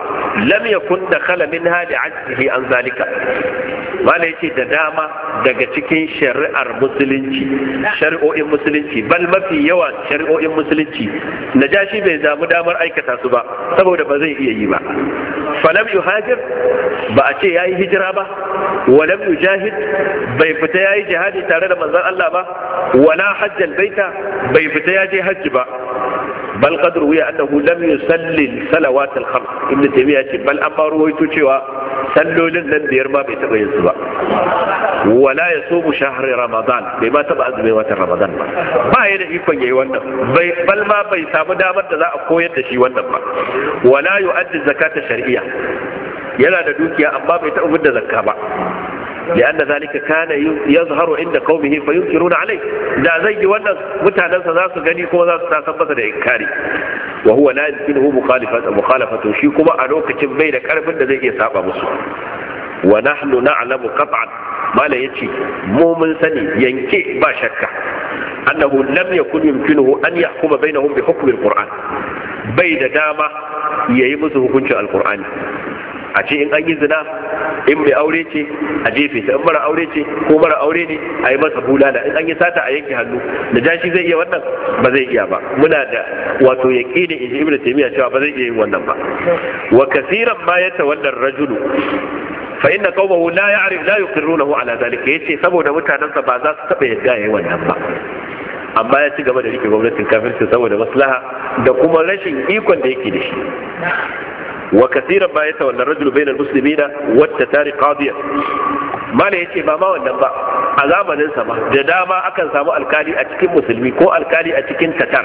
lam yakun dakhala minha li'ajzihi an zalika mala yace da dama daga cikin shari'ar musulunci shari'o'in musulunci bal mafi yawa shari'o'in musulunci najashi bai zamu damar aikata su ba saboda ba zai iya yi ba falam yuhajir ba a ce yayi hijira ba walam yujahid bai fita yayi jihadi tare da manzon Allah ba wala hajjal baita bai fita ya je hajji ba bal qadru ruwiya annahu lam yusalli salawat al-khams ibn taymiya ce bal amma ruwaito cewa sallolin nan biyar ma bai taba yin su ba wala ya so mu shahar ramadan bai ma taba azumin watan ramadan ba ba ya da ikon yayi wannan bai bal ma bai samu damar da za a koyar da shi wannan ba wala yu'addi zakata shar'iyya yana da dukiya amma bai taɓa da zakka ba لأن ذلك كان يظهر عند قومه فينكرون alai, da zai yi wannan mutanensa za su gani kuma za su tasan masa da inkari wa huwa la yumkinuhu mukhalafatu shi kuma a lokacin bai da karfin da zai iya saba musu wa nahnu na'lamu qat'an mala yace mu mun sani yanke ba shakka annahu lam yakun yumkinuhu an yahkuma bainahum bi hukmi alquran bai da dama yayi musu hukuncin alqur'ani a ce in an yi zina in mai aure ce a jefe ta in mara aure ce ko mara aure ne a yi masa bulala in an yi sata a yanke hannu da jashi zai iya wannan ba zai iya ba muna da wato ne in ibn taymiya cewa ba zai iya yin wannan ba wa kasiran ma yata wannan rajulu fa inna qawmahu la ya'rif la yuqirrunahu ala zalika yace saboda mutanansa ba za su taba yadda yayi wannan ba amma ya ci gaba da rike gwamnatin kafirci saboda maslaha da kuma rashin ikon da yake da shi wa kasiran ba ya tawalla rajul bainal muslimina wata tari qadiya mala yace ba ma wannan ba a zamanin sa ba da dama akan samu alkali a cikin musulmi ko alkali a cikin tatar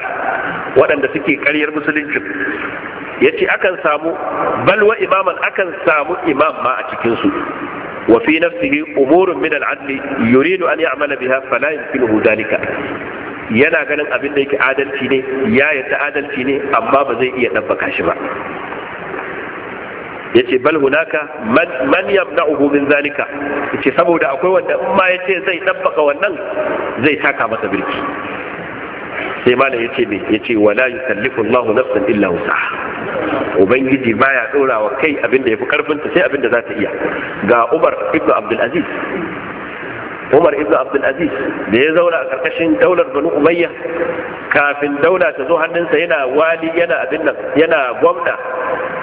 waɗanda suke ƙaryar musulunci yace akan samu balwa imaman akan samu imam ma a cikin su وفي نفسه أمور من العدل يريد أن يعمل بها فلا يمكنه ذلك yana ganin abin da yake adalci ne ya yadda adalci ne amma ba zai iya ɗabbaka shi ba yace bal hunaka man man yamna'uhu min zalika yace saboda akwai wanda in ma yace zai dabbaka wannan zai taka masa birki sai malam yace me yace wala yukallifu Allahu nafsan illa wusaha ubangiji baya dora wa kai abinda yafi karfin ta sai abinda za ta iya ga Umar Ibnu Abdul Aziz umar ibn Abdulaziz da ya zauna a karkashin daular banu umayya kafin daula ta zo hannunsa yana wali yana abin nan yana gwamna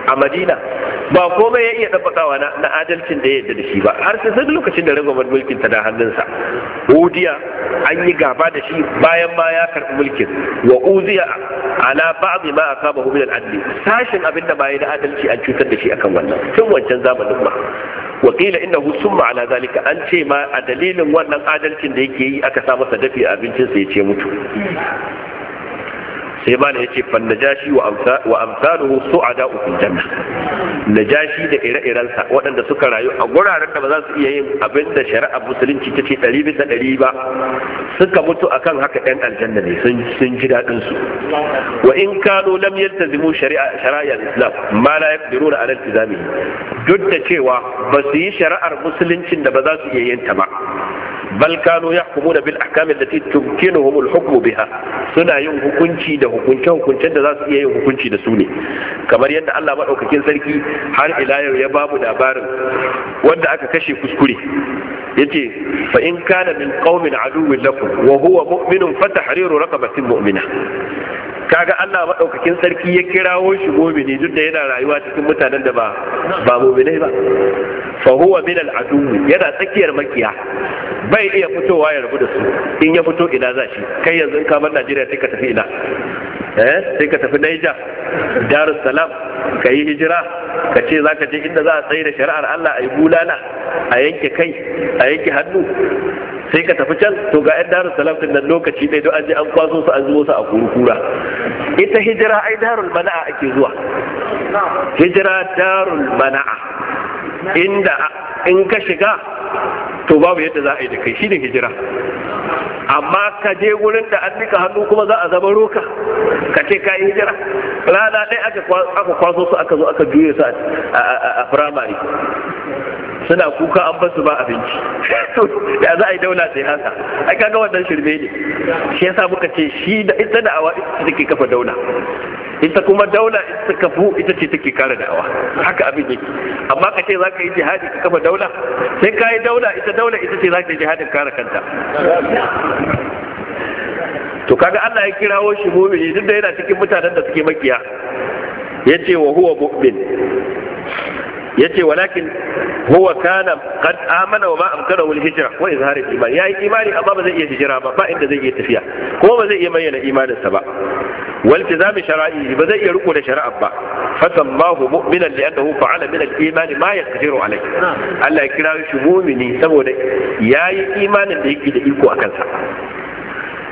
a madina ba komai ya iya dabbakawa na, na adalcin da ya yarda da shi ba har sai duk lokacin da ragwamar mulkin ta da hannunsa udiya an yi gaba da shi bayan ma ya karɓi mulkin wa uziya ala ba'd ma asaba hu min al-adli sashin abin da da adalci an cutar da shi akan wannan tun wancan zamanin ba wakila innahu summa ala zalika an ce ma a dalilin wannan adalcin da yake yi aka sa masa dafi abincinsa ya ce mutu sai ma ya ce fan najashi wa amsaluhu su'ada fil janna najashi da ire-irensa waɗanda suka rayu a guraren da ba za su iya yin abin da shari'ar musulunci ta ce ɗari bisa ɗari ba suka mutu akan haka ɗan aljanna ne sun ji daɗin su wa in kano lam yaltazimu shari'a islam ma la yaqdiruna ala iltizamihi duk da cewa ba su yi shari'ar musuluncin da ba za su iya yin ta ba bal kanu yahkumuna bil ahkam allati tumkinuhum al hukm biha suna yin hukunci da hukunce hukuncen da zasu su iya yin hukunci da su ne kamar yadda Allah madaukakin sarki har ila yau ya babu labarin wanda aka kashe kuskure yace fa in kana min qaumin aduwwin lakum wa huwa mu'minun fatahriru raqabatin mu'mina kaga Allah madaukakin sarki ya kirawo shi mu'mini duk da yana rayuwa cikin mutanen da ba ba ne ba fa huwa min al yana tsakiyar makiya bai iya fitowa ya rabu da su in ya fito ina za shi kai yanzu in ka bar Najeriya take tafi ina eh sai ka tafi Niger Darus Salam ka yi hijira ka ce za ka je inda za a tsaye da shari'ar Allah a yi bulala a yanke kai a yanke hannu sai ka tafi can to ga 'yan darul salam din nan lokaci ɗaya don an je an kwaso su an zubo su a kurkura ita hijira ai darul mana'a ake zuwa hijira darul mana'a inda in ka shiga to babu yadda za a yi da kai shi shine hijira amma ka je wurin da an nika hannu kuma za a zama roka ka ce ka yi hijira rana ɗaya aka kwaso su aka zo aka juye su a firamare suna kuka an basu ba abinci ya za a yi daula sai haka ai kaga wannan shirme ne shi yasa muka ce shi da ita da awa ita take kafa daula ita kuma daula ita kafu ita ce take kare awa. haka abin yake amma ka ce za ka yi jihadi ka kafa daula sai ka yi daula ita daula ita ce za ka yi jihadin kare kanta to kaga Allah ya kirawo shi mu'mini duk da yana cikin mutanen da suke makiya yace wa huwa mu'min yace walakin huwa kana qad amana wa ma amkana wal hijra wa izhar al iman yayi imani amma ba zai iya hijira ba ba inda zai iya tafiya kuma ba zai iya bayyana imaninsa ba wal tizam shara'i ba zai iya riko da shari'a ba fasammahu mu'minan li'annahu fa'ala min al iman ma yaqdiru alayhi Allah ya kira shi mu'mini saboda yayi imanin da yake da iko akan sa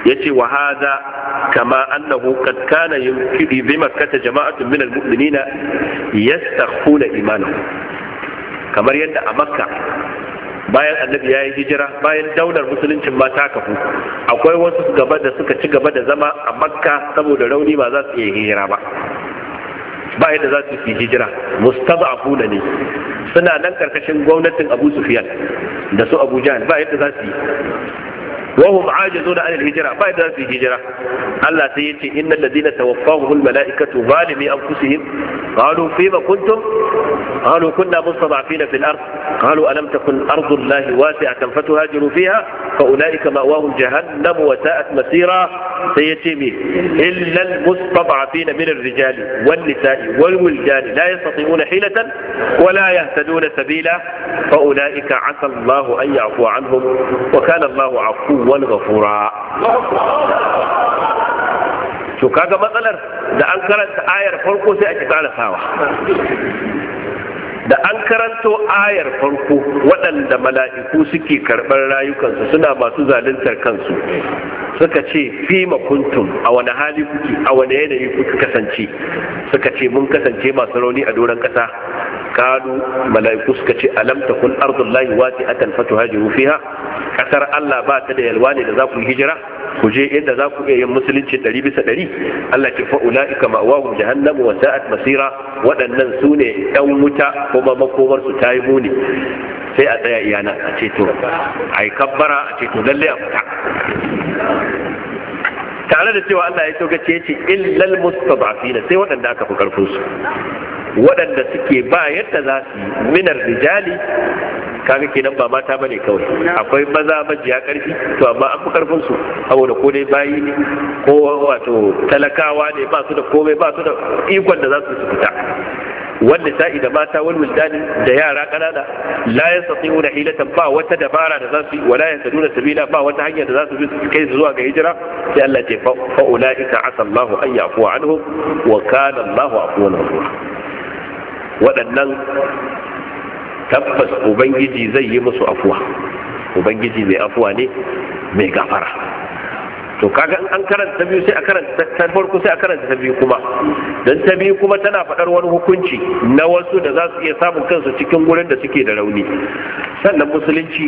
yace wa hadha kama annahu qad kana yumkidi bi makkah jama'atun min almu'minina yastakhuna imanahum kamar yadda a makka bayan annabi ya yi hijira bayan daular musuluncin ma ta kafu akwai wasu gaba da suka ci gaba da zama a makka saboda rauni ba za su iya hijira ba ba yadda za su yi hijira mustada'afuna ne suna nan karkashin gwamnatin abu sufyan da su abu jahl ba yadda za su yi وهم عاجزون عن الهجرة فإذا في هجرة الله سيأتي إن الذين توفاهم الملائكة ظالمي أنفسهم قالوا فيما كنتم قالوا كنا مستضعفين في الأرض قالوا ألم تكن أرض الله واسعة فتهاجروا فيها فأولئك مأواهم جهنم وساءت مسيرا سيتيم إلا المستضعفين من الرجال والنساء والولدان لا يستطيعون حيلة ولا يهتدون سبيلا فأولئك عسى الله أن يعفو عنهم وكان الله عفوا Wani gafura, to kaga matsalar da an karanta ayar farko sai ake karasawa da an karanto ayar farko waɗanda mala'iku suke karɓar rayukansu suna masu zaluntar kansu suka ce fi kuntum a wani hali kuke a wani yanayi kuke kasance suka ce mun kasance masu rauni a doron ƙasa kalu mala'iku suka ce alam takun ardullahi wasi'atan fatuhajiru fiha kasar Allah ba ta da yalwa ne da za ku hijira ku je inda za ku iya yin musulunci ɗari bisa ɗari Allah ce ika ma'awahum jahannamu wa sa'at masira waɗannan su ne ɗan wuta kuma makomar su ta yi muni sai a tsaya iyana a ce to a yi kabbara a ce to a fita tare da cewa Allah ya ce ya ce illal mustadafina sai waɗanda aka fi karfin su waɗanda suke ba yadda za su yi minar rijali kaga kenan ba mata bane kawai akwai maza majiya karfi to amma an fi karfin su saboda ko dai bayi ne ko wato talakawa ne ba su da komai ba su da ikon da za su fita wanda sa'i da mata wani wildani da yara kanana la yastati'u da hilatan ba wata dabara da za su yi wala yahtaduna sabila ba wata hanya da za su bi su kai zuwa ga hijira sai Allah ya ce fa ulaika asa Allahu an yafu anhum wa kana Allahu afuwan rahima waɗannan tabbas ubangiji zai yi musu afuwa ubangiji mai afuwa ne mai gafara to kaga in an karanta ta biyu sai a karanta ta farko sai a karanta ta biyu kuma dan ta biyu kuma tana faɗar wani hukunci na wasu da za su iya samun kansu cikin gurin da suke da rauni sannan musulunci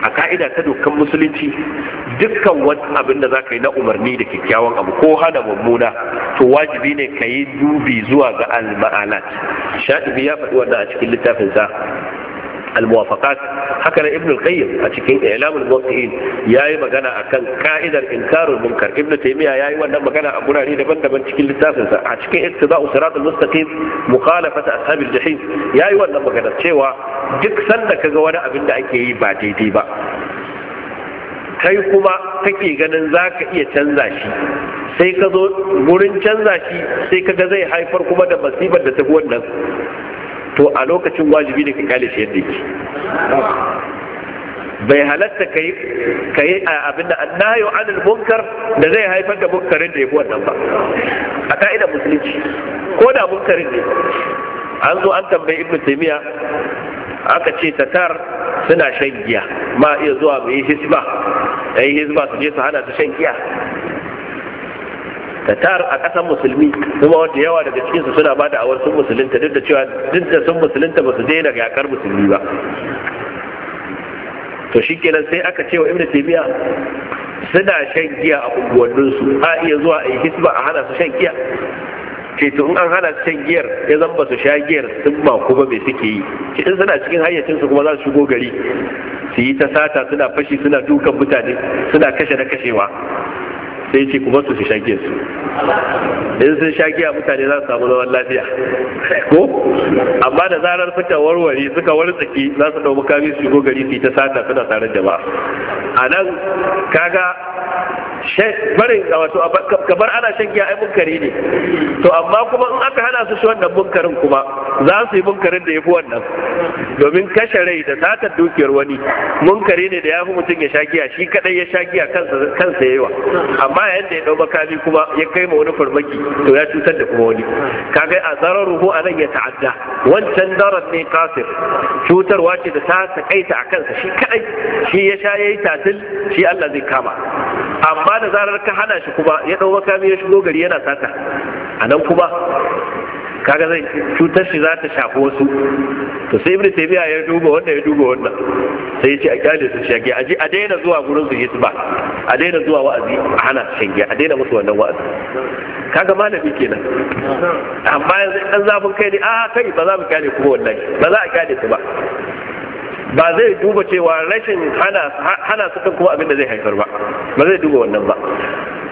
a ka'ida ta dokan musulunci dukkan wani abin da za ka yi na umarni da kyakkyawan abu ko hana mummuna to wajibi ne ka yi dubi zuwa ga al maanat shafi ya faɗi wannan a cikin littafinsa al-muwafaqat haka nan ibn al-qayyim a cikin ilamul ya yi magana a akan ka'idar inkarul munkar ibn taymiya yayi wannan magana a gurare daban-daban cikin littafinsa. sa a cikin ittiba'u siratul mustaqim mukhalafat ashabil jahim yayi wannan magana cewa duk sanda ka ga wani abin da ake yi ba daidai ba kai kuma kake ganin za ka iya canza shi sai ka canza shi sai ka ga zai haifar kuma da masifar da ta wannan to a lokacin wajibi ne ka shi yadda yake bai halatta ka yi abin da an anil munkar da zai haifar da munkarin da ya fi wannan ba a ka'idar musulunci ko da munkarin ne an zo an tambayi ibn taymiya aka ce tatar suna shan giya ma iya zuwa mu yi hisba yi hisba su je su hana su shan giya tatar a ƙasar musulmi kuma wanda yawa daga cikinsu suna ba da awar sun musulunta duk da cewa duk da sun musulunta ba su daina yakar musulmi ba to shi sai aka ce wa ibn taymiya suna shan giya a unguwanninsu a iya zuwa a yi hisba a hana su shan giya ce to in an hana su shan giyar ya zan ba su sha giyar sun ba kuma me suke yi ce in suna cikin hayyacinsu kuma za su shigo gari su yi ta sata suna fashi suna dukan mutane suna kashe na kashewa sai ce kuma su shake su in sun shake a mutane za su samu zaman lafiya ko amma da zarar suka warware suka tsaki za su dau makami su shigo gari su yi ta sata suna tsarar jama'a a nan kaga barin wato kamar ana shan giya ai munkari ne to amma kuma in aka hana su shi wannan munkarin kuma za su yi munkarin da ya fi wannan domin kashe rai da satar dukiyar wani munkari ne da ya fi mutum ya sha giya shi kadai ya sha giya kansa yawa. wa amma ba yadda ya ɗau makami kuma ya kai ma wani farmaki to ya cutar da kuma wani kaga a a nan ya ta'adda wancan darar ne kasir cutarwa ce da ta sakaita a kansa shi kaɗai. shi ya sha yayi tatil shi Allah zai kama amma da zarar ka hana shi kuma ya dau makami ya shigo gari yana sata A nan kuma kaga zai cutar shi za ta shafi wasu to sai ibnu taymiya ya duba wannan ya duba wannan sai ya ce a kyale su shage a daina zuwa gurin su hisba a daina zuwa wa'azi a hana su shange a daina musu wannan wa'azi kaga malami kenan amma yanzu dan zafin kai ne a kai ba za mu kyale kuma wallahi ba za a kyale su ba ba zai duba cewa rashin hana su kan kuma abin da zai haifar ba ba zai duba wannan ba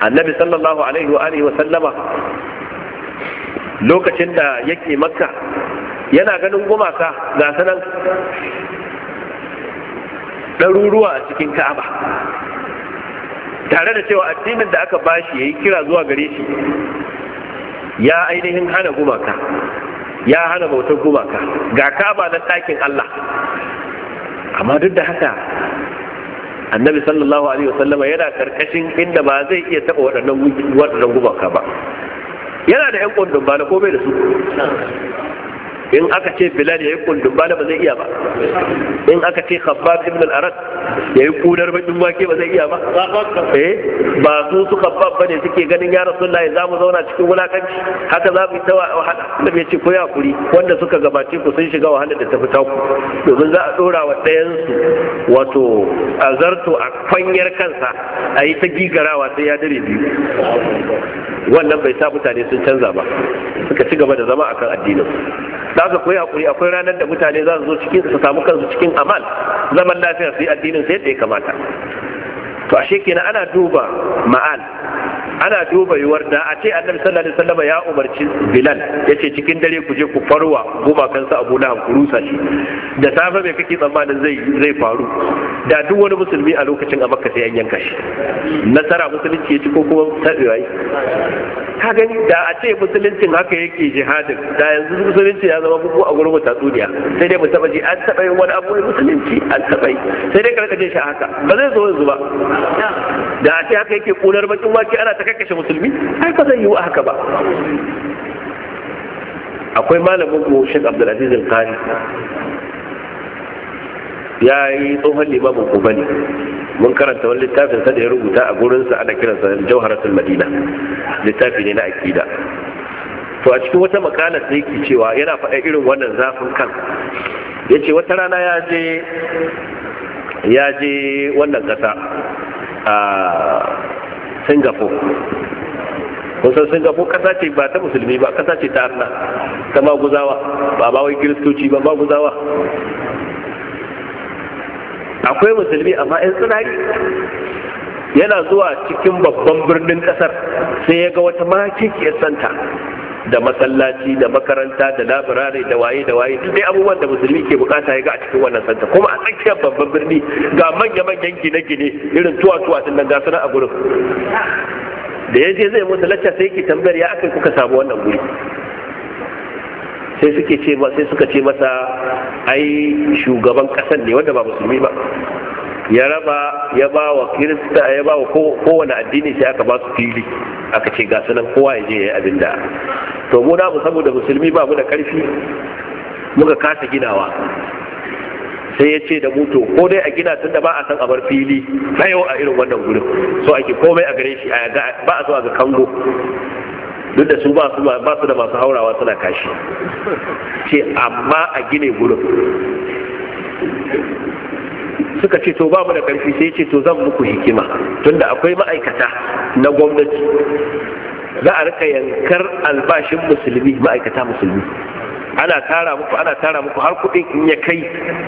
annabi sallallahu alaihi wa alihi wa sallama lokacin da yake makka yana ganin gumaka ga sanan ɗaruruwa a cikin ka'aba tare da cewa addinin da aka bashi ya yi kira zuwa gare shi ya ainihin hana gumaka ya hana bautar gumaka ga ka'aba na ɗakin Allah amma duk da haka annabi sallallahu alaihi wasallama yana karkashin inda ba zai iya taɓa waɗannan gumaka ba yana da yan kundin bala komai da su in aka ce bilal ya yi kundin bala ba zai iya ba in aka ce khabbab ibn al-arad ya yi kudar bakin wake ba zai iya ba eh ba su su khabbab ba ne suke ganin ya rasulullahi za mu zauna cikin wulakanci haka za mu yi tawa wahala da bai ce ko ya kuri wanda suka gabace ku sun shiga wahala da tafi taku domin za a dora wa ɗayan su wato a zarto a kwanyar kansa a yi ta gigarawa sai ya dare biyu wannan bai sa mutane sun canza ba suka ci gaba da zama akan addinin da ka koyi hakuri akwai ranar da mutane za su zo cikin su samu kansu cikin amal zaman lafiya su yi addinin sai da ya kamata to ashe kenan ana duba ma'al ana duba yiwuwar da a ce annabi sallallahu alaihi wasallam ya umarci bilal yace cikin dare ku je ku farwa sa abu lahab ku rusa shi da safe mai kake tsammanin zai zai faru da duk wani musulmi a lokacin a makka sai an yanka shi nasara musulunci ya ci ko kuma tabewa ka gani da a ce musuluncin haka yake jihadin da yanzu musulunci ya zama bugu a gurin wata tatsuniya sai dai mu taba ji an taba wani abu musulunci an taba yi sai dai karkaje shi haka ba zai zo yanzu ba da a ce haka yake kunar bakin waki ana ta kashe musulmi ai ba zai yi wa haka ba akwai malamin mu Sheikh Abdulaziz Al-Qari ya yi tsohon limamin ku bane mun karanta wani littafin sa da ya rubuta a gurinsa ana kiransa Jawharatul Madina littafi ne na akida to a cikin wata makala sai yake cewa yana faɗa irin wannan zafin kan ya ce wata rana ya je ya je wannan ƙasa singapore kusan singapore kasa ce ba ta musulmi ba kasa ce ta arna ta maguzawa ba ba wai kiristoci ba maguzawa akwai musulmi amma yan tsinari yana zuwa cikin babban birnin kasar sai ya ga wata makikiyar santa da masallaci da makaranta da labirare da waye da waye duk dai abubuwan da musulmi ke bukata ya ga a cikin wannan santa kuma a tsakiyar babban birni ga manya-manyan gine-gine irin tuwa-tuwa din nan gasu a gurin da ya zai musu lacca sai ke tambayar ya akai kuka samu wannan guri sai suke ce sai suka ce masa ai shugaban kasan ne wanda ba musulmi ba ya raba ya ba wa kirista ya ba wa kowane addini sai aka ba su fili aka ce ga nan kowa ya je ya yi abin da to mu na mu saboda musulmi ba mu da karfi muka kasa ginawa sai ya ce da mutu ko dai a gina tun da ba a san a bar fili yau a irin wannan gurin so ake komai a gare shi ba a so a ga kango duk da su ba su ba su da masu haurawa suna kashi ce amma a gine gurin suka ce to babu da karfi sai ce to zan muku hikima tunda akwai ma'aikata na gwamnati za a rika yankar albashin musulmi ma'aikata musulmi ana tara muku ana tara muku har kuɗin in ya kai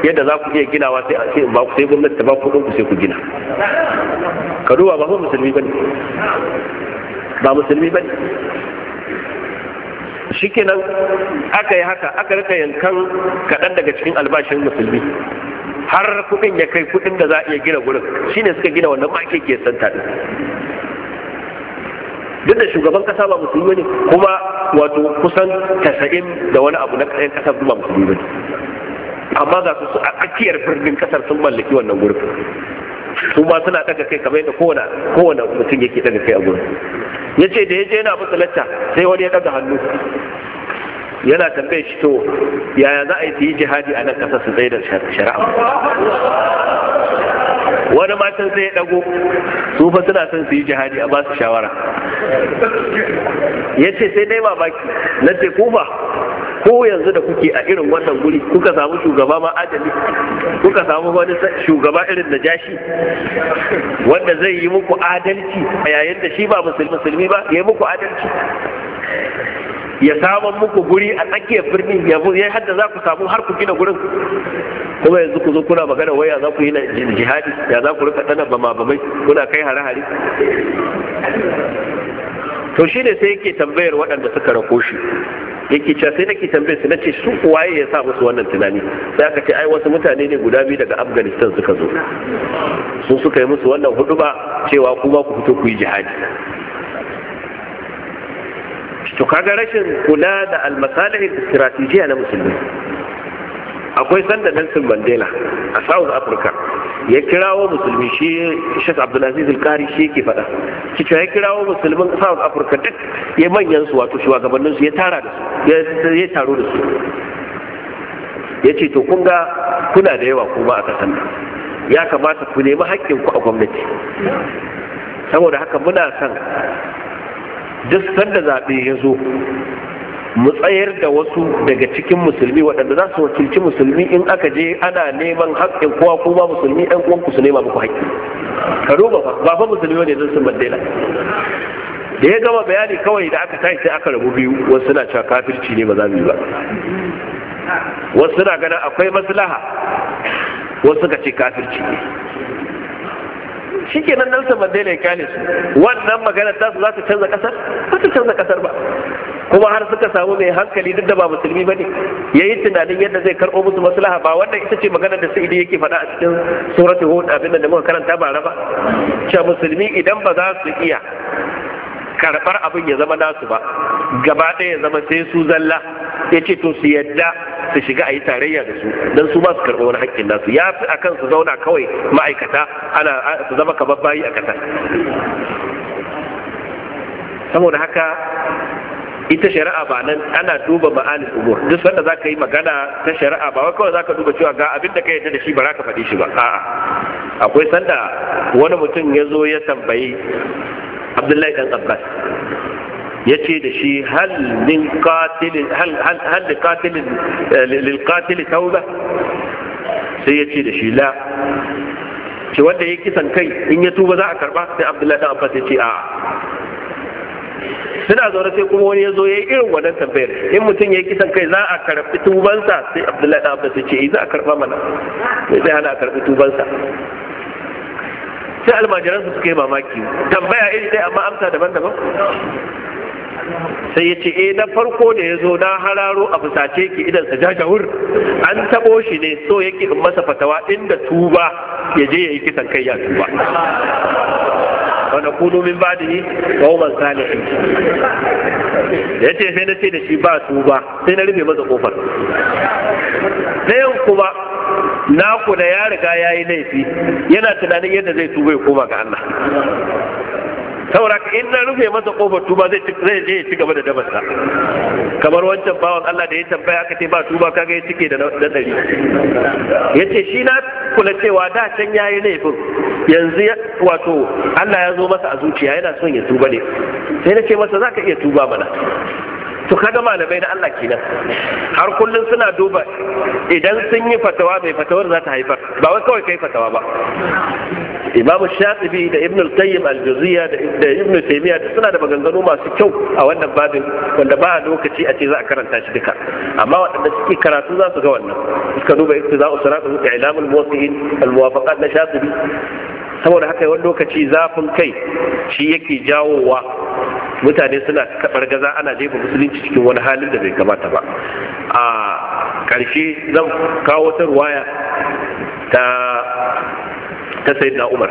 yadda za ku iya ginawa sai in ba ku sai gwamnati ta ba kuɗin ku sai ku gina ka duba ba musulmi bane ba musulmi bane shikenan aka yi haka aka rika yankan kaɗan daga cikin albashin musulmi har kuɗin ya kai kuɗin da za a iya gina gurin shine suka gina wannan make ke santa din duk da shugaban kasa ba musulmi wani kuma wato kusan tasa'in da wani abu na kayan kasar ba musulmi ne amma ga su a tsakiyar birnin kasar sun mallaki wannan gurin su ma suna ɗaga kai kamar yadda kowane kowane mutum yake ɗaga kai a gurin ya ce da ya je yana musu lacca sai wani ya ɗaga hannu yana tambaye shi to yaya za a yi yi jihadi a nan kasa su tsaye da shari'a wani matan sai ya dago su fa suna son su yi jihadi a ba su shawara ya ce sai dai mamaki na ce ku ba ko yanzu da kuke a irin wannan guri kuka samu shugaba ma ajali kuka samu wani shugaba irin da jashi wanda zai yi muku adalci a yayin da shi ba musulmi ba ya yi muku adalci ya saman muku guri a tsakiyar birni ya hadda za ku samu har ku gina gurin kuma yanzu ku zo kuna magana waya za ku yi na jihadi ya za ku rika dana bama bamai kuna kai hare-hare to shi ne sai yake tambayar waɗanda suka rako shi yake cewa sai nake tambayar su na ce su waye ya sa musu wannan tunani sai aka ce ai wasu mutane ne guda biyu daga afghanistan suka zo sun suka yi musu wannan hudu ba cewa kuma ku fito ku yi jihadi to kaga rashin kula da almasalihin istiratejiya na musulmi akwai sanda Nelson Mandela a South Africa ya kirawo musulmi shi Sheikh Abdulaziz Al-Kari shi yake faɗa kici ya kirawo musulmin South Africa duk ya manyan su wato shugabannin su ya tara da su ya taro da su ya ce to kun ga kuna da yawa kuma a kasan nan ya kamata ku nemi haƙƙin ku a gwamnati saboda haka muna son duk sanda zaɓe ya zo mu tsayar da wasu daga cikin musulmi waɗanda za su wakilci musulmi in aka je ana neman haƙƙin kowa ko ba musulmi ɗan uwan ku su nema muku haƙƙi ka duba ba fa musulmi wani zan sun Mandela. da ya gama bayani kawai da aka tashi sai aka rabu biyu wasu suna cewa kafirci ne ba za mu yi ba wasu suna ganin akwai maslaha wasu suka ce kafirci ne shi ke nan Nelson Mandela ya kane su wannan magana ta su za ta canza kasar ba ta canza kasar ba kuma har suka samu mai hankali duk da ba musulmi ba ne ya yi tunanin yadda zai karɓo musu maslaha ba wannan ita ce magana da sa'idi yake faɗa a cikin surat hud abin da muka karanta bara ba cewa musulmi idan ba za su iya karɓar abin ya zama nasu ba gaba ɗaya ya zama sai su zalla ya ce to su yadda su shiga a yi tarayya da su don su ba su karɓi wani haƙƙin nasu ya fi akan su zauna kawai ma'aikata ana su zama kamar bayi a ƙasa saboda haka ita shari'a ba nan ana duba ma'anin umur duk sanda za ka yi magana ta shari'a ba wai kawai za ka duba cewa ga abin da ka yarda da shi ba za ka faɗi shi ba a'a akwai sanda wani mutum ya zo ya tambayi abdullahi dan abbas yace da shi hal min qatil hal hal qatil eh, lil qatil tauba sai yace da shi la ce wanda ya kisan kai in ya tuba za a karba sai abdullahi dan abbas ce a'a suna zaune sai kuma wani ya zo ya yi irin wannan tambayar in mutum ya yi kisan kai za a karɓi tubansa sai abdullahi dan abbas ce, eh, za a karɓa mana sai zai hana a karɓi tubansa sai almajiransu suka yi mamaki tambaya iri ɗaya amma amsa daban-daban sai ya ce eh, na farko da ya zo na hararo a fusace ki idan sa wur an taɓo shi ne so yake in masa fatawa inda tuba ya je ya yi kisan kai ya tuba wanda kudu min ba da yi kawman salihin ya ce sai na ce da shi ba tuba sai na rufe masa kofar ɗayan kuma naku da ya riga ya yi laifi yana tunanin yadda zai tuba ya koma ga Allah saboda in na rufe masa kofar tuba zai je ya ci gaba da dabarsa kamar wancan bawan Allah da ya tambaya aka ce ba tuba kaga ya cike da da ya yace shi na kula cewa da can yayi laifin yanzu wato Allah ya zo masa a zuciya yana son ya tuba ne sai na ce masa za ka iya tuba mana to kaga malamai na Allah kenan har kullum suna duba idan sun yi fatawa mai fatawar za ta haifar ba wai kawai kai fatawa ba imamu shafi'i da ibn al-qayyim al-juziyya da ibn taymiya da suna da maganganu masu kyau a wannan babin wanda ba a lokaci a ce za a karanta shi duka amma waɗanda suke karatu za su ga wannan suka duba su siratu da ilamul muwaffiqin al-muwafaqat na shafi'i saboda haka wani lokaci zafin kai shi yake jawowa mutane suna kabar gaza ana jefa musulunci cikin wani halin da bai kamata ba a ƙarshe zan kawo wata ruwaya ta ta umar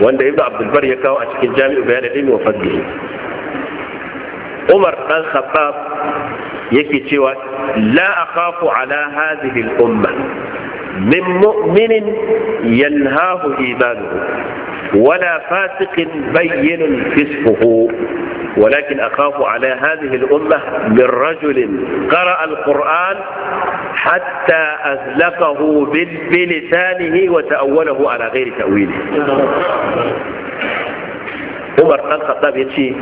wanda ibnu abdulbar ya kawo a cikin jami'u bayan ilmi wa fadli umar dan khattab yake cewa la akhafu ala hadhihi al-umma من مؤمن ينهاه إيمانه ولا فاسق بين فسقه ولكن أخاف على هذه الأمة من رجل قرأ القرآن حتى أزلقه بلسانه وتأوله على غير تأويله عمر قال خطاب يمشي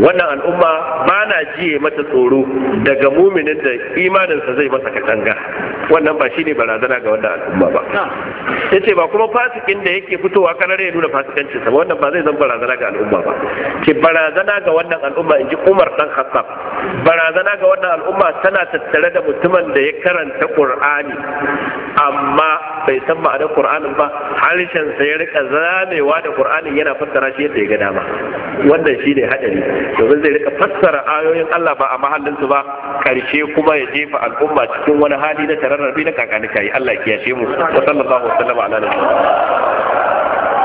wannan al'umma ba na jiye mata tsoro daga muminin da imaninsa zai masa katanga wannan ba shine barazana ga wannan al'umma ba ce ba kuma fasikin da yake fitowa kanar ya nuna fasikanci sa wannan ba zai zama barazana ga al'umma ba ke barazana ga wannan al'umma in ji Umar dan Khattab barazana ga wannan al'umma tana tattare da mutumin da ya karanta Qur'ani amma bai san ma'anar Qur'anin ba harshen sa ya rika zamewa da Qur'anin yana fassara shi yadda ya ga dama wannan shine hadari domin zai rika fassara ayoyin Allah ba a mahallinsu ba karshe kuma ya jefa al'umma cikin wani hali na tararrabi na kakani kai Allah ya kiyashe mu wa sallallahu alaihi wa sallam ala nabiyina